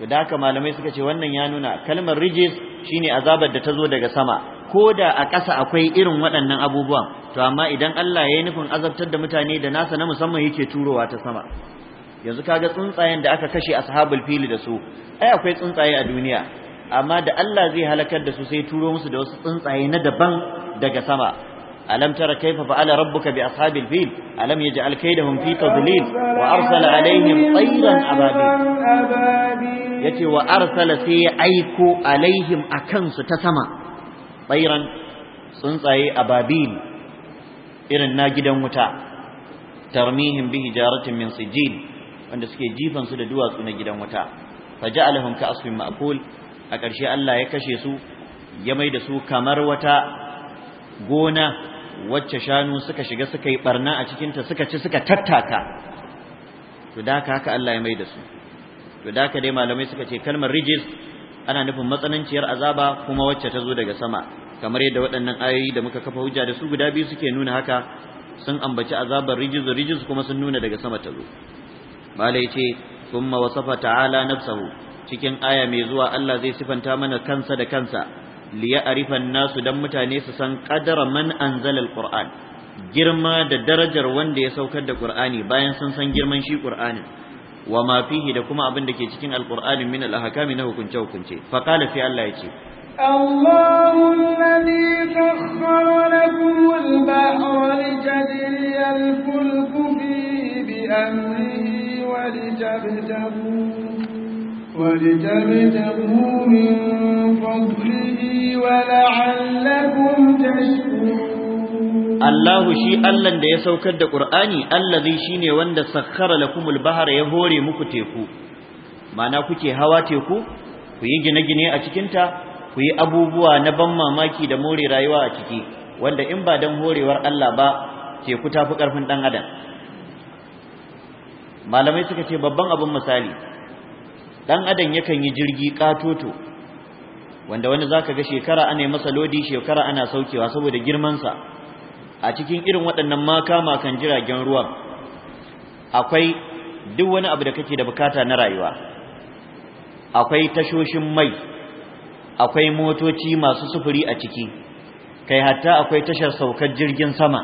to da haka malamai suka ce wannan ya nuna kalmar rijis shine azabar da ta zo daga sama ko da a ƙasa akwai irin waɗannan abubuwan to amma idan Allah ya yi nufin azabtar da mutane da nasa na musamman yake turowa ta sama yanzu kaga tsuntsayen da aka kashe ashabul fili da su ai akwai tsuntsaye a duniya amma da Allah zai halakar da su sai turo musu da wasu tsuntsaye na daban daga sama ألم تر كيف فعل ربك بأصحاب الفيل ألم يجعل كيدهم في تضليل وأرسل عليهم طيرا أبابيل يتي وأرسل سي أيكو عليهم أكنس تسمى طيرا صنصي أبابيل إرن ناجدا متاع ترميهم بهجارة من سجيل wanda suke jifan su da duwatsu na gidan wuta faja'alahum ka asfin ma'kul a ƙarshe Allah ya kashe su ya mai da su kamar wata gona wacce shanu suka shiga suka yi barna a cikinta suka ci suka tattaka to da haka Allah ya mai da su to da haka dai malamai suka ce kalmar rijis ana nufin matsananciyar azaba kuma wacce ta zo daga sama kamar yadda waɗannan ayoyi da muka kafa hujja da su guda biyu suke nuna haka sun ambaci azabar rijis rijis kuma sun nuna daga sama ta zo malai ce kuma wasafa ta'ala nafsahu cikin aya mai zuwa Allah zai sifanta mana kansa da kansa liya'rifa nasu dan mutane su san qadara man anzala alquran girma da darajar wanda ya saukar da qur'ani bayan sun san girman shi qur'anin wa ma fihi da kuma abin da ke cikin alqur'ani min alahkami na hukunce hukunce fa qala fi Allah yace الله الذي سخر لكم البحر لتجري الفلك فيه بأمره ولتبتغوا ولتبتغوا من فضله ولعلكم تشكرون Allahu shi Allahn da ya saukar da Qur'ani allazi ne wanda sakkara lakumul bahar ya hore muku teku mana kuke hawa teku ku yi gine-gine a cikinta ku yi abubuwa na ban mamaki da more rayuwa a ciki wanda in ba dan horewar Allah ba teku tafi ƙarfin ɗan adam malamai suka ce babban abin misali dan adam yakan yi jirgi katoto wanda wani zaka ga shekara ana masa lodi shekara ana saukewa saboda girman sa a cikin irin waɗannan maka makan jiragen ruwa akwai duk wani abu da kake da bukata na rayuwa akwai tashoshin mai akwai motoci masu sufuri a ciki kai hatta akwai tashar saukar jirgin sama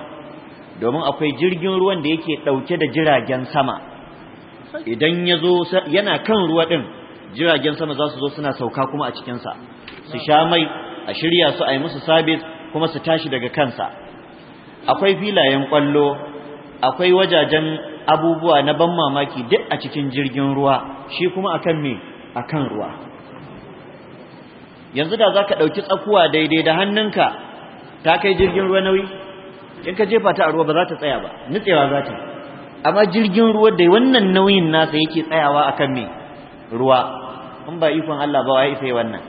domin akwai jirgin ruwan da yake ɗauke da jiragen sama idan ya zo yana kan ruwa ɗin jiragen sama za su zo suna sauka kuma a cikinsa su sha mai a shirya su a yi musu sabis kuma su tashi daga kansa akwai filayen ƙwallo akwai wajajen abubuwa na ban mamaki duk a cikin jirgin ruwa shi kuma akan me akan ruwa yanzu da za ka ɗauki tsakuwa daidai da hannunka ta kai jirgin ruwa nauyi in ka jefa ta a ruwa ba za ta tsaya ba nutsewa za ta yi amma jirgin ruwa da wannan nauyin nasa yake tsayawa akan me ruwa in ba ikon Allah ba ya isa wannan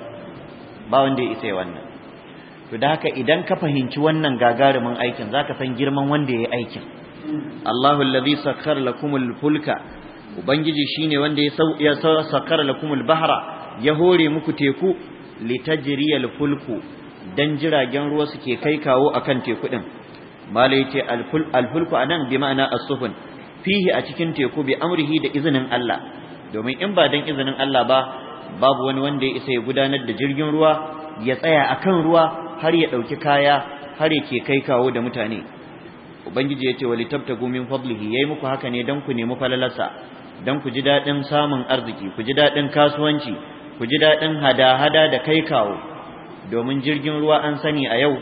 ba wanda ya isa wannan to da haka idan ka fahimci wannan gagarumin aikin zaka san girman wanda ya yi aikin Allahu allazi sakhkhara lakumul fulka ubangiji shine wanda ya sakhkhara lakumul bahra ya hore muku teku litajriyal fulku dan jiragen ruwa suke kai kawo akan teku din malai ce alfulku anan bi ma'ana as suhun fihi a cikin teku bi amrihi da izinin Allah domin in ba dan izinin Allah ba babu wani wanda ya isa ya gudanar da jirgin ruwa ya tsaya akan ruwa har ya ɗauki kaya har yake kai kawo da mutane ubangiji ya ce wali tabtagu min fadlihi yayi muku haka ne dan ku nemi falalarsa dan ku ji daɗin samun arziki ku ji daɗin kasuwanci ku ji daɗin hada-hada da kai kawo domin jirgin ruwa an sani a yau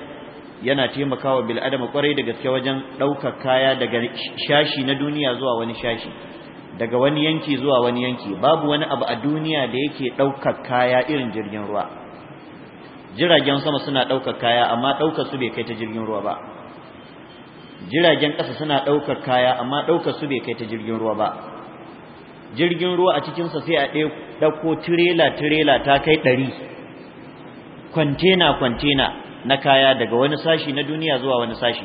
yana taimakawa bil adama kwarai da gaske wajen ɗaukar kaya daga shashi na duniya zuwa wani shashi daga wani yanki zuwa wani yanki babu wani abu a duniya da yake ɗaukar kaya irin jirgin ruwa jiragen sama suna ɗaukar kaya amma ɗaukar su bai kai ta jirgin ruwa ba jiragen ƙasa suna ɗaukar kaya amma ɗaukar su bai kai ta jirgin ruwa ba jirgin ruwa a cikinsa sai a ɗauko tirela tirela ta kai ɗari kwantena kwantena na kaya daga wani sashi na duniya zuwa wani sashi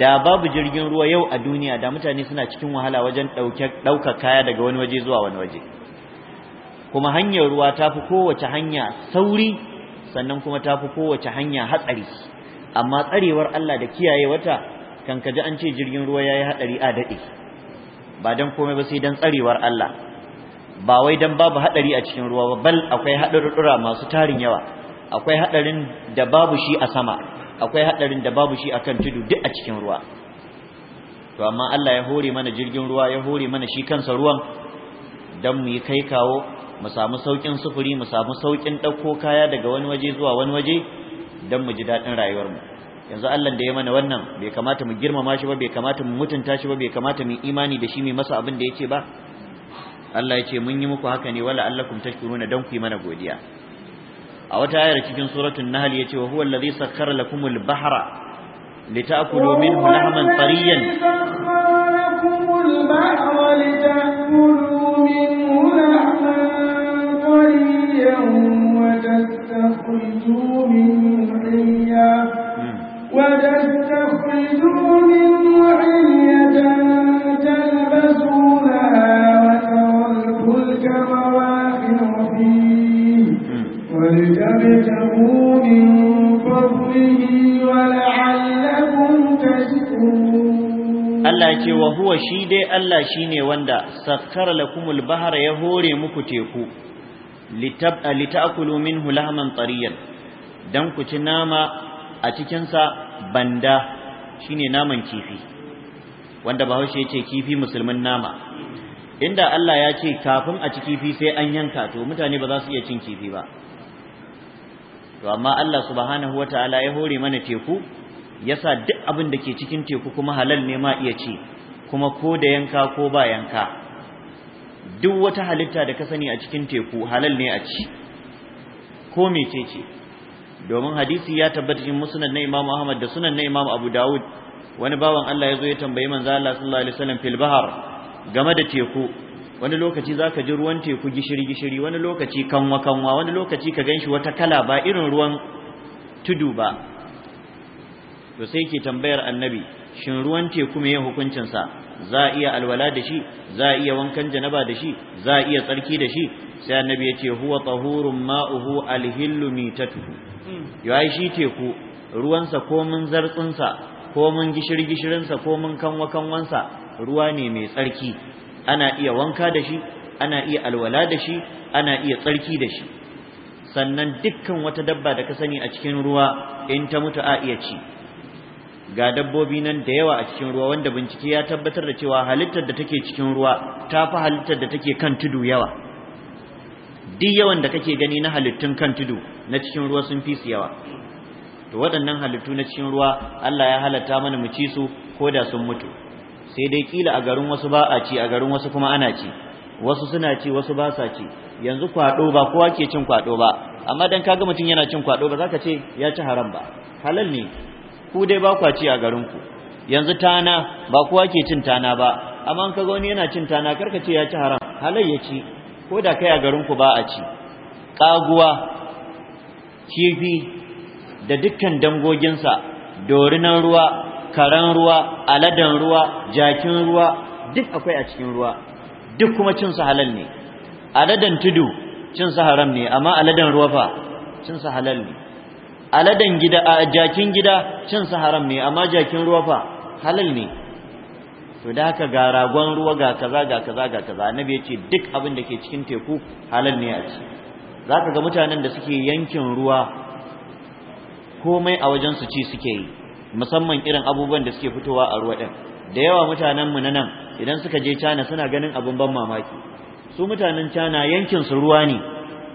da babu jirgin ruwa yau a duniya da mutane suna cikin wahala wajen ɗaukar kaya daga wani waje zuwa wani waje kuma hanyar ruwa ta fi kowace hanya sauri sannan kuma ta fi kowace hanya hatsari amma tsarewar Allah da kiyaye wata kan kaji an ce jirgin ruwa ya yi hatsari a daɗe ba don komai ba sai don tsarewar Allah ba wai don babu hatsari a cikin ruwa ba bal akwai haɗarurrura masu tarin yawa akwai hadarin da babu shi a sama akwai hadarin da babu shi akan tudu duk a cikin ruwa to amma Allah ya hore mana jirgin ruwa ya hore mana shi kansa ruwan dan mu yi kai kawo mu samu saukin sufuri mu samu saukin dauko kaya daga wani waje zuwa wani waje dan mu ji dadin rayuwar mu yanzu Allah da ya mana wannan bai kamata mu girmama shi ba bai kamata mu mutunta shi ba bai kamata mu imani da shi mai masa abin da yake ba Allah ya ce mun yi muku haka ne wala allakum tashkuruna dan ku yi mana godiya a wata ayar cikin suratul nahl yace wa huwa allazi sakhkhara lakumul bahra لتأكلوا منه لحما طريا وتستخرجوا منه حليا وتستخرجوا منه حلية تلبسونها Allah ce wa huwa shi dai Allah shi ne wanda sakkara lakumul bahar ya hore muku teku litakulu minhu lahman tariyan dan ku ci nama a cikin sa banda shine naman kifi wanda Bahaushe ce kifi musulmin nama inda Allah ya ce kafin a ci kifi sai an yanka to mutane ba za su iya cin kifi ba to amma Allah subhanahu wataala ya hore mana teku yasa duk abin da ke cikin teku kuma halal ne ma iya ci kuma ko da yanka ko ba yanka duk wata halitta da ka sani a cikin teku halal ne a ci ko mece ce domin hadisi ya tabbata cikin musnad na Imam Ahmad da sunan na Imam Abu Dawud wani bawan Allah ya zo ya tambayi manzo Allah sallallahu alaihi wasallam fil bahar game da teku wani lokaci za ka ji ruwan teku gishiri gishiri wani lokaci kanwa kanwa wani lokaci ka ganshi wata kala ba irin ruwan tudu ba to sai ke tambayar annabi shin ruwan teku mai hukuncinsa za a iya alwala da shi za a iya wankan janaba da shi za a iya tsarki da shi sai annabi ya ce huwa tahurun ma'uhu alhillu mitatuhu Ya shi teku ruwansa komin zartsinsa komin gishir-gishirinsa komin kanwa-kanwansa ruwa ne mai tsarki ana iya wanka da shi ana iya alwala da shi ana iya tsarki da shi sannan dukkan wata dabba da ka sani a cikin ruwa in ta mutu a iya ci ga dabbobi nan da yawa a cikin ruwa wanda bincike ya tabbatar da cewa halittar da take cikin ruwa ta fi halittar da take kan tudu yawa duk yawan da kake gani na halittun kan tudu na cikin ruwa sun fi su yawa to waɗannan halittu na cikin ruwa Allah ya halatta mana mu ci su ko da sun mutu sai dai kila a garin wasu ba a ci a garin wasu kuma ana ci wasu suna ci wasu ba sa ci yanzu kwado ba kowa ke cin kwado ba amma dan kaga mutum yana cin kwado ba zaka ce ya ci haram ba halal ne ku dai ba kwa ci a garin ku yanzu tana ba kowa ke cin tana ba amma kaga wani yana cin tana karka ce ya ci haram halal ya ci ko da kai a garin ku ba a ci kaguwa kifi da dukkan dangoginsa dorinan ruwa karan ruwa aladan ruwa jakin ruwa duk akwai a cikin ruwa duk kuma cin su halal ne aladan tudu cin su haram ne amma aladan ruwa fa cin su halal ne aladan gida a jakin gida cin su haram ne amma jakin ruwa fa halal ne to da haka ga ragon ruwa ga kaza ga kaza ga kaza annabi ya ce duk abin da ke cikin teku halal ne a ci zaka ga mutanen da suke yankin ruwa komai a wajen su ci suke yi musamman irin abubuwan da suke fitowa a ruwa ɗin, da yawa mutanenmu na nan idan suka je cana suna ganin abin ban mamaki su mutanen cana yankin su ruwa ne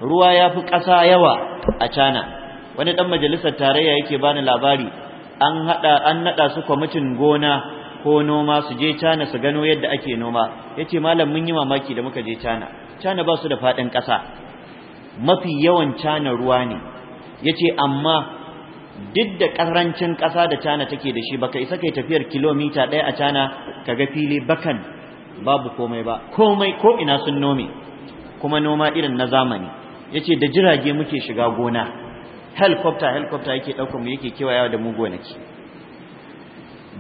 ruwa yafi ƙasa yawa a cana. wani ɗan majalisar tarayya yake bani labari an hada an nada su kwamitin gona ko noma su je China su gano yadda ake noma yace malam mun yi mamaki da muka je cana cana ba su da faɗin ƙasa mafi yawan cana ruwa ne yace amma duk da ƙarancin ƙasa da cana take da shi baka isa kai tafiyar kilomita ɗaya a cana kaga fili bakan babu komai ba komai ko ina sun nome kuma noma irin na zamani yace da jirage muke shiga gona helicopter helicopter yake ɗauka mu yake yawa da mu gonaki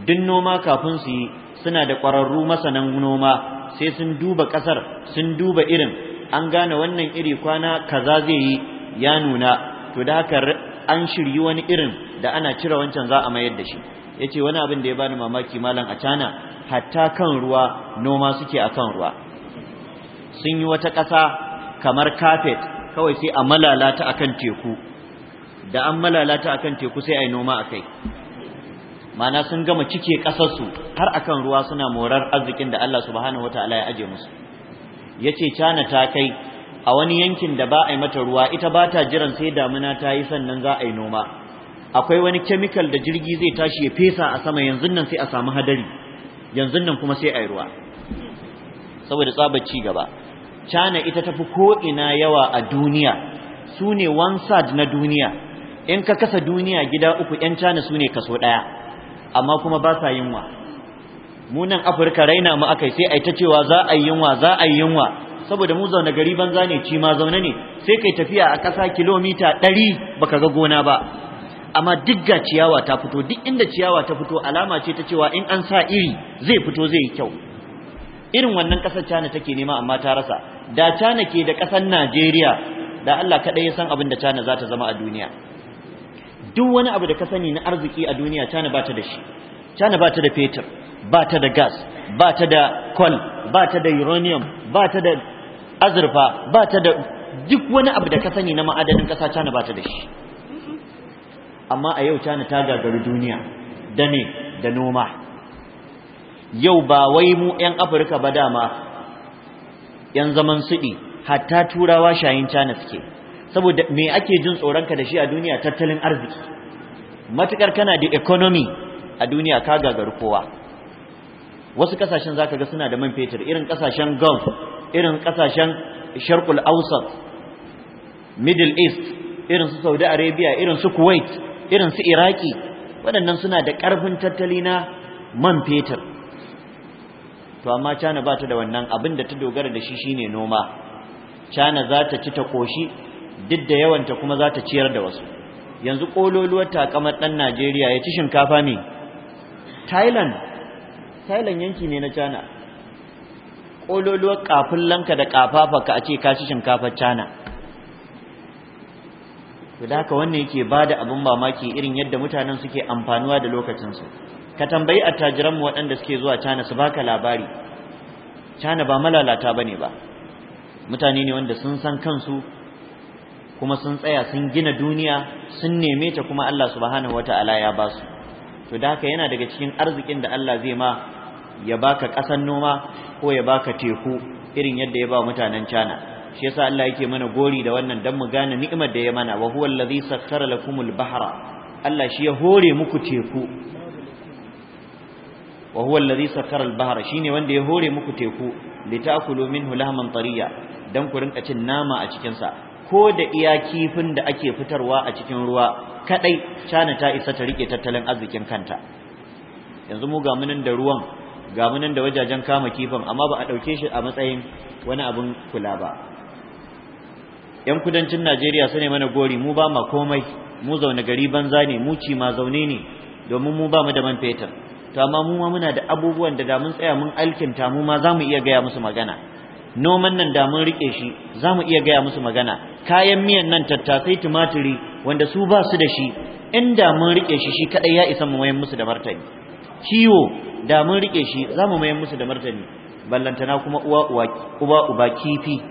duk noma kafin su yi suna da ƙwararru masanan noma sai sun duba ƙasar sun duba irin an gane wannan iri kwana kaza zai yi ya nuna to da haka an shiryi wani irin da ana cire wancan za a mayar da shi yace wani abin da ya bani mamaki malam a cana hatta kan ruwa noma suke a kan ruwa sun yi wata ƙasa kamar kafet kawai sai a malalata akan teku da an malalata akan teku sai a yi noma a kai ma'ana sun gama cike ƙasarsu har a kan ruwa suna morar arzikin da Allah subhanahu ala ya aje musu yace cana ta kai a wani yankin da ba a yi mata ruwa ita ba ta jiran sai damina ta yi sannan za a yi noma akwai wani chemical da jirgi zai tashi ya fesa a sama yanzu nan sai a samu hadari yanzu nan kuma sai a yi ruwa saboda tsabar ci gaba China ita tafi ko ina yawa a duniya su ne one third na duniya in ka kasa duniya gida uku yan cana su ne kaso ɗaya amma kuma ba sa yunwa mu nan Afirka raina mu akai sai ai ta cewa za a yi yunwa za a yi yunwa saboda mu zaune gari banza ne ci ma zaune ne sai kai tafiya a ƙasa kilomita ɗari baka ga gona ba amma duk ga ciyawa ta fito duk inda ciyawa ta fito alama ce ta cewa in an sa iri zai fito zai yi kyau irin wannan ƙasar Cana take nema amma ta rasa da Cana ke da ƙasar Najeriya da Allah kaɗai ya san abin da Cana za ta zama a duniya duk wani abu da ka sani na arziki a duniya Cana ba ta da shi Cana ba ta da fetur ba ta da gas ba ta da kwal ba ta da uranium ba ta da azurfa ba ta da duk wani abu da ka sani na ma'adanin ƙasa cana ba ta da shi amma a yau cana ta gagari duniya da ne da noma yau ba wai mu 'yan Afirka ba dama 'yan zaman suɗi hatta turawa shayin cana suke saboda me ake jin tsoronka da shi a duniya tattalin arziki Matuƙar kana da economy a duniya ka gagari kowa wasu kasashen ka ga suna da man fetur irin kasashen Gulf irin kasashen sharqul awsat middle east irin su saudi arabia irin su kuwait irin su iraki waɗannan suna da ƙarfin tattali na man fetur to amma cana ba ta da wannan abin da ta dogara da shi shine noma cana za ta ci ta koshi duk da yawanta kuma za ta ciyar da wasu yanzu ƙololuwar takamar ɗan najeriya ya ci shinkafa ne thailand thailand yanki ne na cana ƙololuwar ƙafullanka da kafafarka a ce ka ci shinkafar cana to da haka wannan yake bada abin mamaki irin yadda mutanen suke amfanuwa da lokacinsu ka tambayi attajiranmu waɗanda suke zuwa cana su baka labari cana ba malalata ba ne ba mutane ne wanda sun san kansu kuma sun tsaya sun gina duniya sun neme ta kuma Allah subhanahu wataala ya ba su to da haka yana daga cikin arzikin da Allah zai ma ya baka kasan noma ko ya baka teku irin yadda ya ba mutanen cana shi yasa Allah yake mana gori da wannan dan mu gane ni'imar da ya mana wa huwa allazi sakkara lakumul bahra Allah shi ya hore muku teku wa huwa allazi sakkara al bahra shine wanda ya hore muku teku litakulu minhu lahman tariya dan ku rinka cin nama a cikin sa ko da iya kifin da ake fitarwa a cikin ruwa kadai cana ta isa ta rike tattalin arzikin kanta yanzu mu ga munin da ruwan ga munan da wajajen kama kifin amma ba a ɗauke shi a matsayin wani abin kula ba yan kudancin najeriya sune mana gori mu ba ma komai mu zaune gari banza ne mu ci ma zaune ne domin mu ba mu da man fetur to amma mu ma muna da abubuwan da da mun tsaya mun alkinta mu ma za mu iya gaya musu magana noman nan da mun rike shi za mu iya gaya musu magana kayan miyan nan tattasai tumaturi wanda su ba su da shi inda mun rike shi shi kadai ya isa mu wayan musu da martani kiwo da mun rike shi za mu mayan musu da martani ballantana kuma uwa uba uba kifi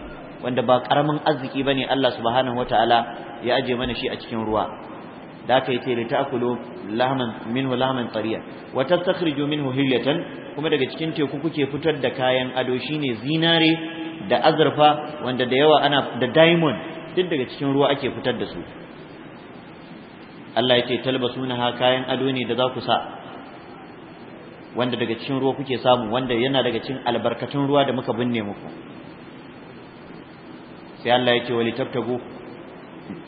wanda ba karamin arziki bane Allah subhanahu wataala ya aje mana shi a cikin ruwa da aka yi tere ta'kulu lahman minhu lahman tariya wa tastakhriju minhu hilyatan kuma daga cikin teku kuke fitar da kayan ado shine zinare da azurfa wanda da yawa ana da diamond duk daga cikin ruwa ake fitar da su Allah ya ce talbasunaha kayan ado ne da za ku sa wanda daga cikin ruwa kuke samu wanda yana daga cikin albarkatun ruwa da muka binne muku sai Allah ya ce wali tabtagu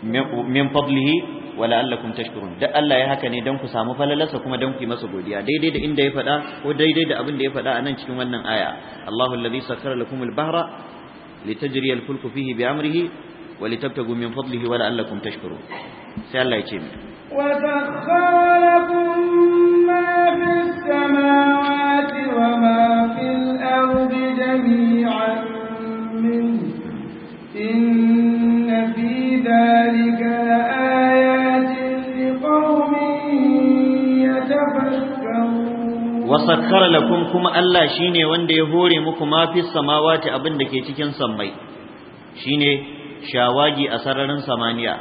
min fadlihi wa la'allakum tashkurun da Allah ya haka ne dan ku samu falalarsa kuma dan ku yi masa godiya daidai da inda ya faɗa ko daidai da abin da ya faɗa a nan cikin wannan aya Allahu alladhi sakhara lakum al-bahra litajri al-fulku fihi bi'amrihi wa litabtagu min fadlihi wa la'allakum tashkurun sai Allah ya ce wa sakhara lakum Zama wacewa mafi kuma Allah shi ne wanda ya hore muku kuma bisa abin da ke cikin san mai, shi ne shawagi a sararin samaniya,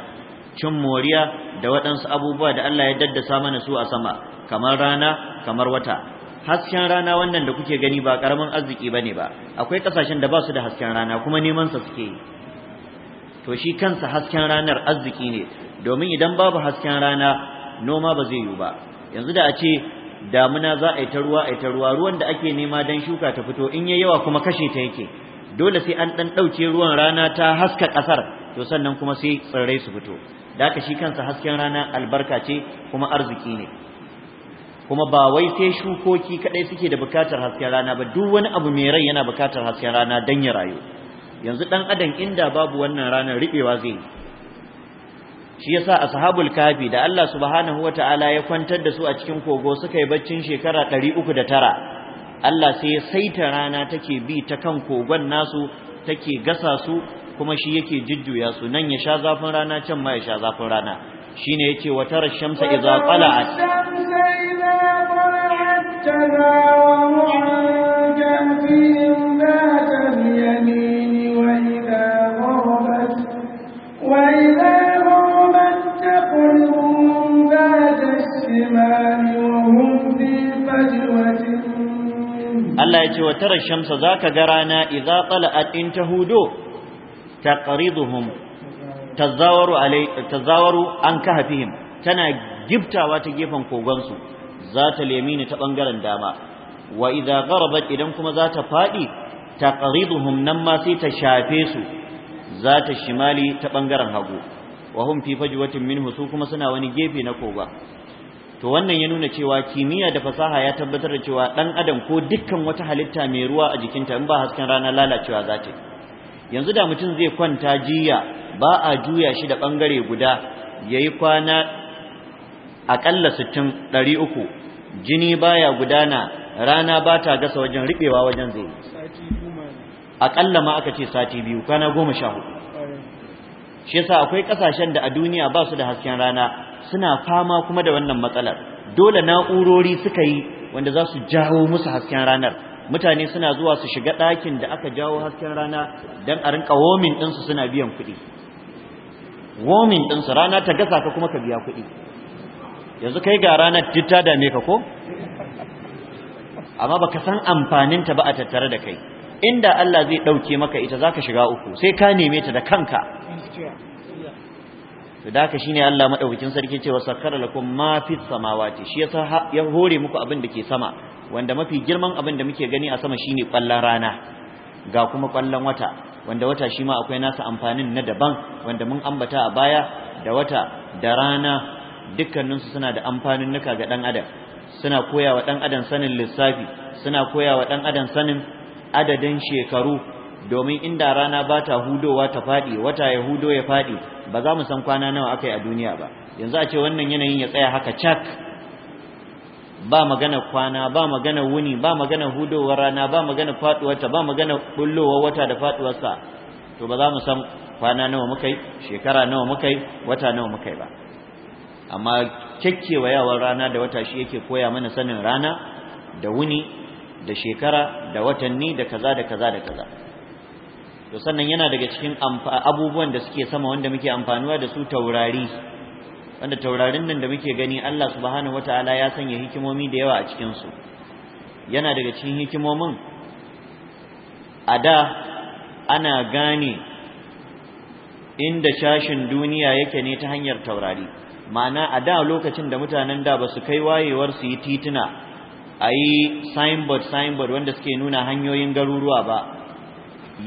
cin moriya da waɗansu abubuwa da Allah ya daddasa mana su a sama. kamar rana kamar wata hasken rana wannan da kuke gani ba karamin arziki ne ba akwai kasashen da ba su da hasken rana kuma neman sa suke yi to shi kansa hasken ranar arziki ne domin idan babu hasken rana noma ba zai yiwu ba yanzu da a ce damuna za a yi ta ruwa a ta ruwa ruwan da ake nema don shuka ta fito in yayi yawa kuma kashe ta yake dole sai an dan dauke ruwan rana ta haska kasar to sannan kuma sai tsirrai su fito da haka shi kansa hasken rana albarka ce kuma arziki ne kuma ba wai sai shukoki kadai suke da bukatar hasken rana ba duk wani abu mai rai yana bukatar hasken rana dan ya rayu yanzu dan adam inda babu wannan ranar ribewa zai shi yasa ashabul kafi da Allah subhanahu wataala ya kwantar da su a cikin kogo suka yi baccin shekara 309 Allah sai ya saita rana take bi ta kan kogon nasu take gasa su kuma shi yake jujjuya su nan ya sha zafin rana can ma ya sha zafin rana shine yace wa tara shamsa idza qala'at Allah ya ce wa tara shamsa zaka ga rana ta qala'at in tahudu taqriduhum tazawaru alai tazawaru an kahfihim tana giftawa ta gefen su, za ta lemini ta bangaren dama wa idza gharabat idan kuma za ta fadi taqriduhum nan ma sai ta shafe su za ta shimali ta bangaren hagu wa hum fi fajwatin minhu su kuma suna wani gefe na koga to wannan ya nuna cewa kimiyya da fasaha ya tabbatar da cewa dan adam ko dukkan wata halitta mai ruwa a jikinta in ba hasken rana lalacewa za yanzu da mutum zai kwanta jiya ba a juya shi da bangare guda yayi kwana akalla 60 300 jini baya gudana rana ba ta gasa wajen ribewa wajen zai akalla ma aka ce sati biyu kwana 14 shi yasa akwai ƙasashen da a duniya ba su da hasken rana suna fama kuma da wannan matsalar dole na'urori suka yi wanda za su jawo musu hasken ranar mutane suna zuwa su shiga ɗakin da aka jawo hasken rana don a rinka womin ɗinsu suna biyan kuɗi warming din su rana ta gasa ka kuma ka biya kuɗi yanzu kai ga ranar titta da dame ka ko amma baka san amfanin ta ba a tattare da kai inda Allah zai ɗauke maka ita zaka shiga uku sai ka neme ta da kanka da shi shine Allah madaukakin sarki cewa sakkara lakum ma fi samawati shi yasa ya hore muku abin da ke sama wanda mafi girman abin da muke gani a sama shine kwallon rana ga kuma kwallon wata wanda wata shi ma akwai nasa amfanin na daban wanda mun ambata a baya da wata da rana dukkaninsu suna da amfanin nuka ga ɗan adam suna koya wa adam sanin lissafi suna koyawa wa ɗan adam sanin adadin shekaru domin inda rana ba ta hudowa ta faɗi wata ya hudo ya faɗi ba za mu san kwana nawa aka yi a duniya ba yanzu a ce wannan yanayin ya tsaya haka cak ba magana kwana ba magana wuni ba magana hudowar rana ba magana faduwarta ba magana bullowar wata da faduwarsa to ba za mu san kwana nawa muka yi shekara nawa muka yi wata nawa muka yi ba amma yawan rana da wata shi yake koya mana sanin rana da wuni da shekara da watanni da kaza da kaza da kaza to sannan yana daga cikin abubuwan da suke sama wanda muke amfanuwa da su taurari wanda taurarin nan da muke gani Allah subhanahu wataala ya sanya hikimomi da yawa a cikin su yana daga cikin hikimomin a da ana gane inda shashin duniya yake ne ta hanyar taurari ma'ana a da lokacin da mutanen da ba su kai wayewar su yi tituna a yi signboard signboard wanda suke nuna hanyoyin garuruwa ba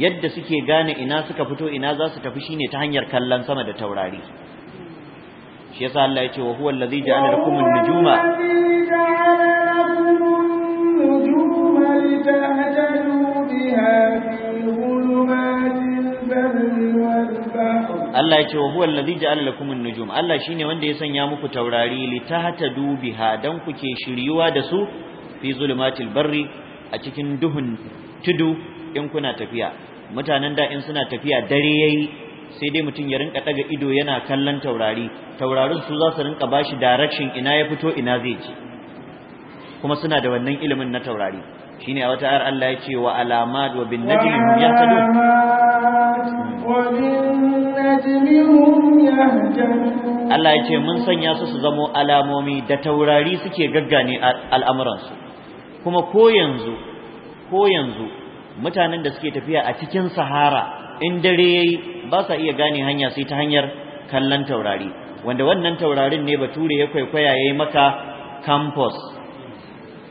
yadda suke gane ina suka fito ina za su tafi shine ta hanyar kallon sama da taurari shi yasa Allah ya ce wa huwa allazi ja'ala lakum an-nujuma Allah ya ce wa huwa allazi ja'ala lakum an-nujum Allah shine wanda ya sanya muku taurari litahtadu biha dan kuke shiryuwa da su fi zulumatil barri a cikin duhun tudu in kuna tafiya mutanen da in suna tafiya dare yayi sai dai mutum ya rinka daga ido yana kallon taurari taurarin su za su rinka bashi direction ina ya fito ina zai je kuma suna da wannan ilimin na taurari shine a wata ayar Allah ya ce wa alamat wa bin najmi hum yahtadun Allah ya ce mun sanya su su zamo alamomi da taurari suke gaggane al'amuransu kuma ko yanzu ko yanzu mutanen da suke tafiya a cikin sahara in dare yayi ba sa iya gane hanya sai ta hanyar kallon taurari wanda wannan taurarin ne bature ya kwaikwaya yayi maka campus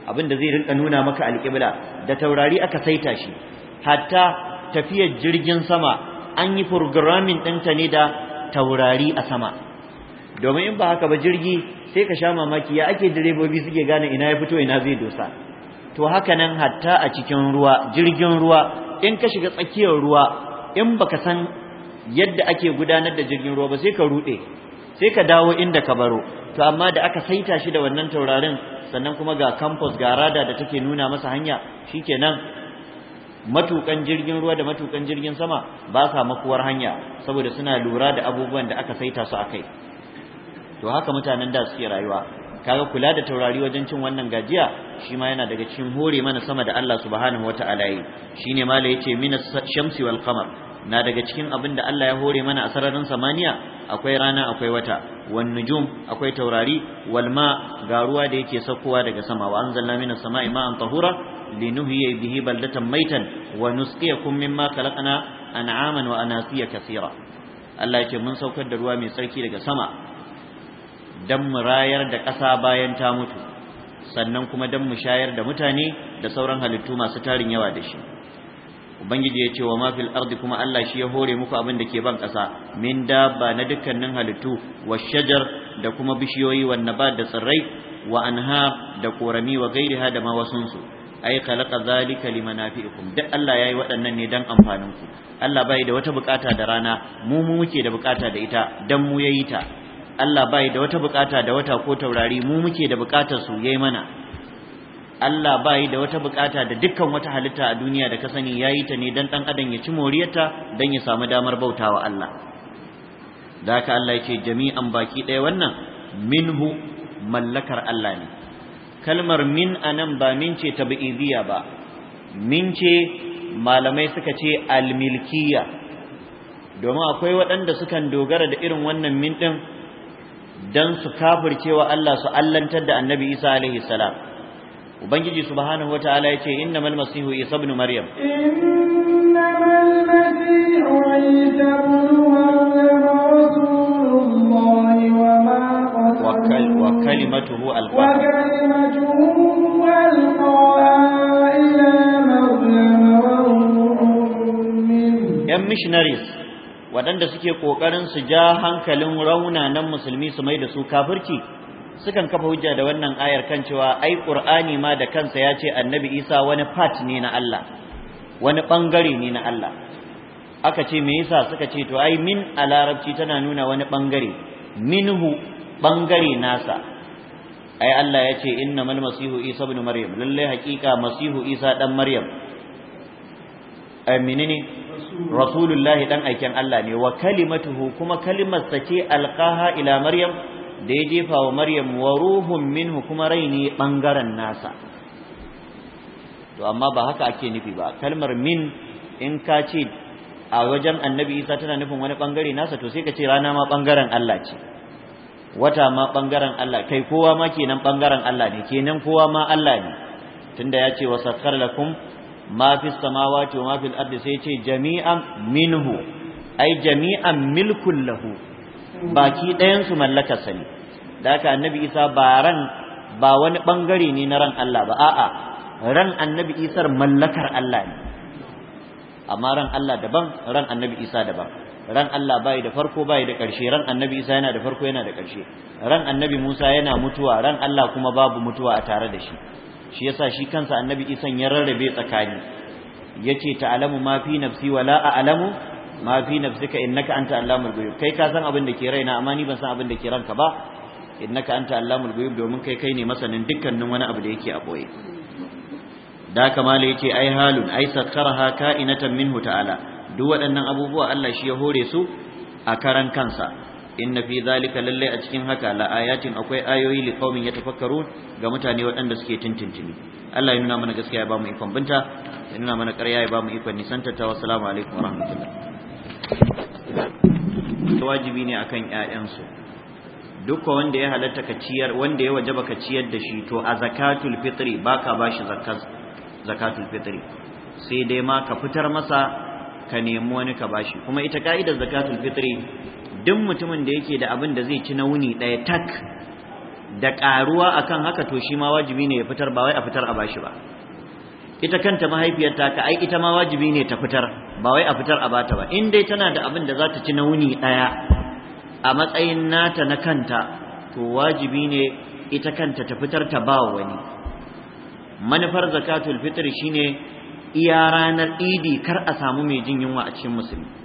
abinda zai rinka nuna maka alƙibla da taurari aka saita shi hatta tafiyar jirgin sama an yi programming ɗinta ne da taurari a sama domin in ba haka ba jirgi sai ka sha mamaki ya ake direbobi suke gane ina ya fito ina zai dosa to haka nan hatta a cikin ruwa jirgin ruwa in ka shiga tsakiyar ruwa in baka san yadda ake gudanar da jirgin ruwa ba sai ka rude sai ka dawo inda ka baro to amma da aka saita shi da wannan taurarin sannan kuma ga campus ga rada da take nuna masa hanya shi shikenan matukan jirgin ruwa da matukan jirgin sama ba sa makuwar hanya saboda suna lura da abubuwan da aka saita su kai, to haka mutanen da suke rayuwa kaga kula da taurari wajen cin wannan gajiya shi ma yana daga cikin hore mana sama da Allah subhanahu wataala yi shine mala yace minas shamsi wal qamar na daga cikin abin da Allah ya hore mana a sararin samaniya akwai rana akwai wata wan nujum akwai taurari wal ma ga ruwa da yake saukowa daga sama wa anzalna minas sama'i ma'an tahura linuhyiya bihi baldatan maitan wa nusqiyakum mimma khalaqna an'aman wa anasiya kaseera Allah yake mun saukar da ruwa mai tsarki daga sama don mu rayar da ƙasa bayan ta mutu sannan kuma don mu shayar da mutane da sauran halittu masu tarin yawa da shi ubangiji ya ce wa ma fil ardi kuma Allah shi ya hore muku abin da ke ban ƙasa min dabba na dukkanin halittu wa shajar da kuma bishiyoyi wa naba da tsirrai wa anha da korami wa ha da ma wasunsu ai khalaqa zalika limanafi'ikum duk Allah yayi waɗannan ne dan amfanin ku Allah bai da wata bukata da rana mu mu muke da bukata da ita dan mu yayi ta Allah bai da wata bukata da wata ko taurari mu muke da bukatar su yayi mana Allah bai da wata bukata da dukkan wata halitta a duniya da ka sani yayi ta ne dan dan adam ya ci moriyarta dan ya samu damar bautawa Allah da haka Allah yake jami'an baki ɗaya wannan minhu mallakar Allah ne kalmar min anan ba min ce tabi'idiyya ba min ce malamai suka ce almilkiya domin akwai waɗanda sukan dogara da irin wannan min ɗin dan su kafircewa Allah su allantar da Annabi Isa alaihi salam ubangiji subhanahu wataala yace innamal masihu isa ibn maryam innamal masihu isa ibn maryam rasulullahi wa ma wa kalimatuhu alqa wa kalimatuhu alqa ila waɗanda suke ƙoƙarin su ja hankalin raunanan musulmi su mai da su kafirci sukan kafa hujja da wannan ayar kan cewa ai ƙur'ani ma da kansa ya ce annabi isa wani fat ne na Allah wani ɓangare ne na Allah aka ce me yasa suka ce to ai min a larabci tana nuna wani ɓangare, minhu ɓangare nasa ai Allah ya ce innamal masihu isa ibn maryam lallai haƙiƙa masihu isa dan maryam ai menene rasulullahi dan aikin Allah ne wa kalimatuhu kuma kalimar sa ce alqaha ila maryam da ya jefa wa maryam wa ruhun minhu kuma rai ne bangaren nasa to amma ba haka ake nufi ba kalmar min in ka ce a wajen annabi isa tana nufin wani bangare nasa to sai ka ce rana ma bangaren Allah ce wata ma bangaren Allah kai kowa ma kenan bangaren Allah ne kenan kowa ma Allah ne tunda ya ce wa sakkar lakum ma fi samawati wa ma fil ardi sai ce jami'an minhu ai jami'an milkul lahu baki ɗayan su mallakar sa da haka annabi isa ba ran ba wani bangare ne na ran Allah ba a'a ran annabi isar mallakar Allah ne amma ran Allah daban ran annabi isa daban ran Allah bai da farko bai da ƙarshe ran annabi isa yana da farko yana da ƙarshe ran annabi musa yana mutuwa ran Allah kuma babu mutuwa a tare da shi shi yasa shi kansa annabi isan ya rarrabe tsakani yace alamu ma fi nafsi wala a'lamu ma fi nafsika innaka anta allamul ghuyub kai ka san abin da ke raina amma ni ban san abin da ke ranka ba innaka anta allamul ghuyub domin kai kai ne masanin dukkanin wani abu da yake a boye da kamala yace ai halun ai sakkaraha ka'inatan minhu ta'ala duk waɗannan abubuwa Allah shi ya hore su a karan kansa inna fi zalika lallai a cikin haka la ayatin akwai ayoyi li qaumin tafakkaru ga mutane waɗanda suke tintintini Allah ya nuna mana gaskiya ya ba mu ikon binta ya nuna mana ƙarya ya ba mu ikon nisan wa salamu alaikum wa rahmatullah wajibi ne akan ƴaƴansu duk wanda ya halatta ka ciyar wanda ya wajaba ka ciyar da shi to a zakatul fitri baka bashi zakatul fitri sai dai ma ka fitar masa ka nemi wani ka bashi kuma ita ka'idar zakatul fitri duk mutumin da yake da abin da zai ci na wuni ɗaya tak da ƙaruwa a kan haka to shi ma wajibi ne ya fitar ba wai a fitar a bashi ba ita kanta mahaifiyar ka ai ita ma wajibi ne ta fitar ba wai a fitar a bata ba in dai tana da abin da za ta ci na wuni ɗaya a matsayin nata na kanta to wajibi ne ita kanta ta fitar ta ba wani manufar zakatul fitr shine iya ranar idi kar a samu mai jin yunwa a cikin musulmi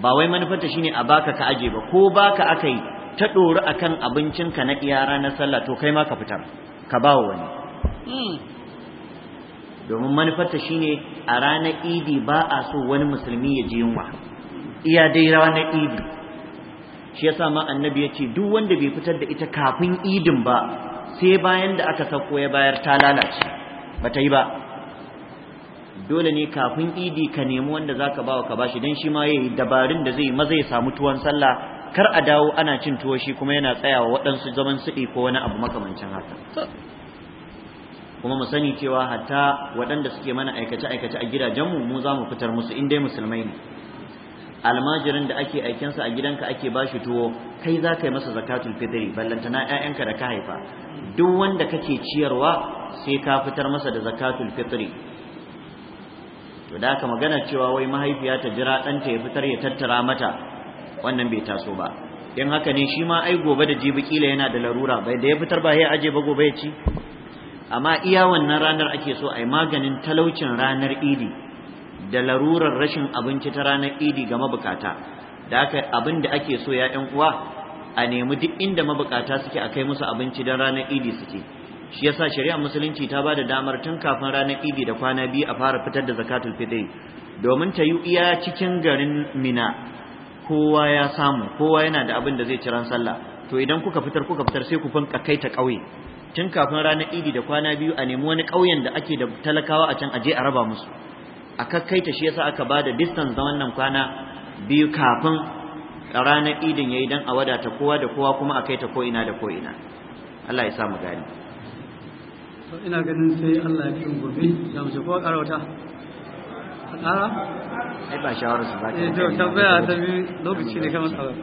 ba wai manufarta shine a baka ka aje ba ko baka akayi ta ɗori akan abincin ka na iyara na sallah to kai ma ka fitar ka bawo wani hmm. domin manufarta shine a ranar idi ba a so wani musulmi ya je yunwa iya dai ranar idi shi yasa ma annabi ya ce duk wanda bai fitar da ita kafin idin ba sai bayan da aka sauko ya bayar ta lalace ba ta yi ba dole ne kafin idi ka nemi wanda zaka bawa ka shi, don shi ma yayi dabarun da zai maza ya samu tuwon sallah kar a dawo ana cin tuwo shi kuma yana tsayawa waɗansu zaman suɗi ko wani abu makamancin haka kuma mu sani cewa hatta waɗanda suke mana aikace aikace a gidajenmu mu za mu fitar musu in dai musulmai ne almajirin da ake aikensa a gidanka ake bashi tuwo kai za ka yi masa zakatul fitri ballantana 'ya'yanka da ka haifa duk wanda kake ciyarwa sai ka fitar masa da zakatul fitri to da aka magana cewa wai mahaifiya ta jira ɗanta ya fitar ya tattara mata wannan bai taso ba in haka ne shi ma ai gobe da jibi kila yana da larura bai da ya fitar ba ya aje ba gobe ya ci amma iya wannan ranar ake so ai maganin talaucin ranar idi da larurar rashin abinci ta ranar idi ga mabukata da aka abin da ake so ya uwa a nemi duk inda mabukata suke a kai musu abinci don ranar idi suke shi yasa shari'ar musulunci ta bada damar tun kafin ranar idi da kwana biyu a fara fitar da zakatul fitri domin ta yi iya cikin garin mina kowa ya samu kowa yana da abin da zai ci ran sallah to idan kuka fitar kuka fitar sai ku fanka kai ta ƙauye tun kafin ranar idi da kwana biyu a nemi wani ƙauyen da ake da talakawa a can aje a raba musu a kakkaita shi yasa aka bada distance da wannan kwana biyu kafin ranar idin yayi dan a wadata kowa da kowa kuma a kaita ta ko ina da ko ina Allah ya sa mu gani ina ganin sai Allah ya fi gobe ya mace kowa ko ƙara wata a ai ba shawar su ba ta eh, tambaya ta biyu lokaci ne kamar tsawon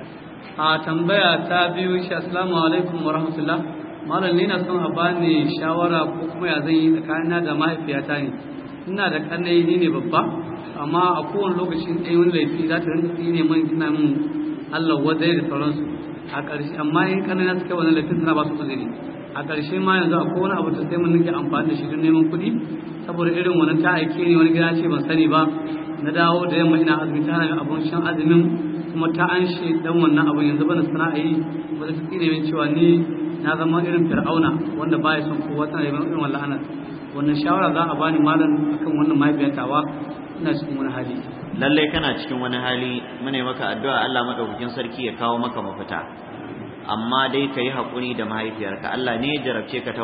a tambaya ta biyu shi assalamu alaikum wa rahmatullah malam ni na son a bani shawara ko kuma ya zan yi tsakanina da mahaifiyata ne ina da kanai ni ne babba amma a kowane lokaci ɗaya wani laifi za ta rinka ne man gina min Allah wadai da sauransu a ƙarshe amma in kanai na suka wani laifin suna ba su kuzari a ƙarshe ma yanzu a kowane abu sai mun nake amfani da shi don neman kuɗi saboda irin wani ta aike ne wani gida ce ban sani ba na dawo da yamma ina azumi ta daga abun shan azumin kuma ta an shi dan wannan abun yanzu bana sana'a yi ba da tsire min cewa ni na zama irin fir'auna wanda baya son kowa tana neman irin wannan anan wannan shawara za a bani malam akan wannan tawa ina cikin wani hali lallai kana cikin wani hali mune maka addu'a Allah madaukakin sarki ya kawo maka mafita amma dai ka yi haƙuri da mahaifiyarka Allah ne ya jarabce ka ta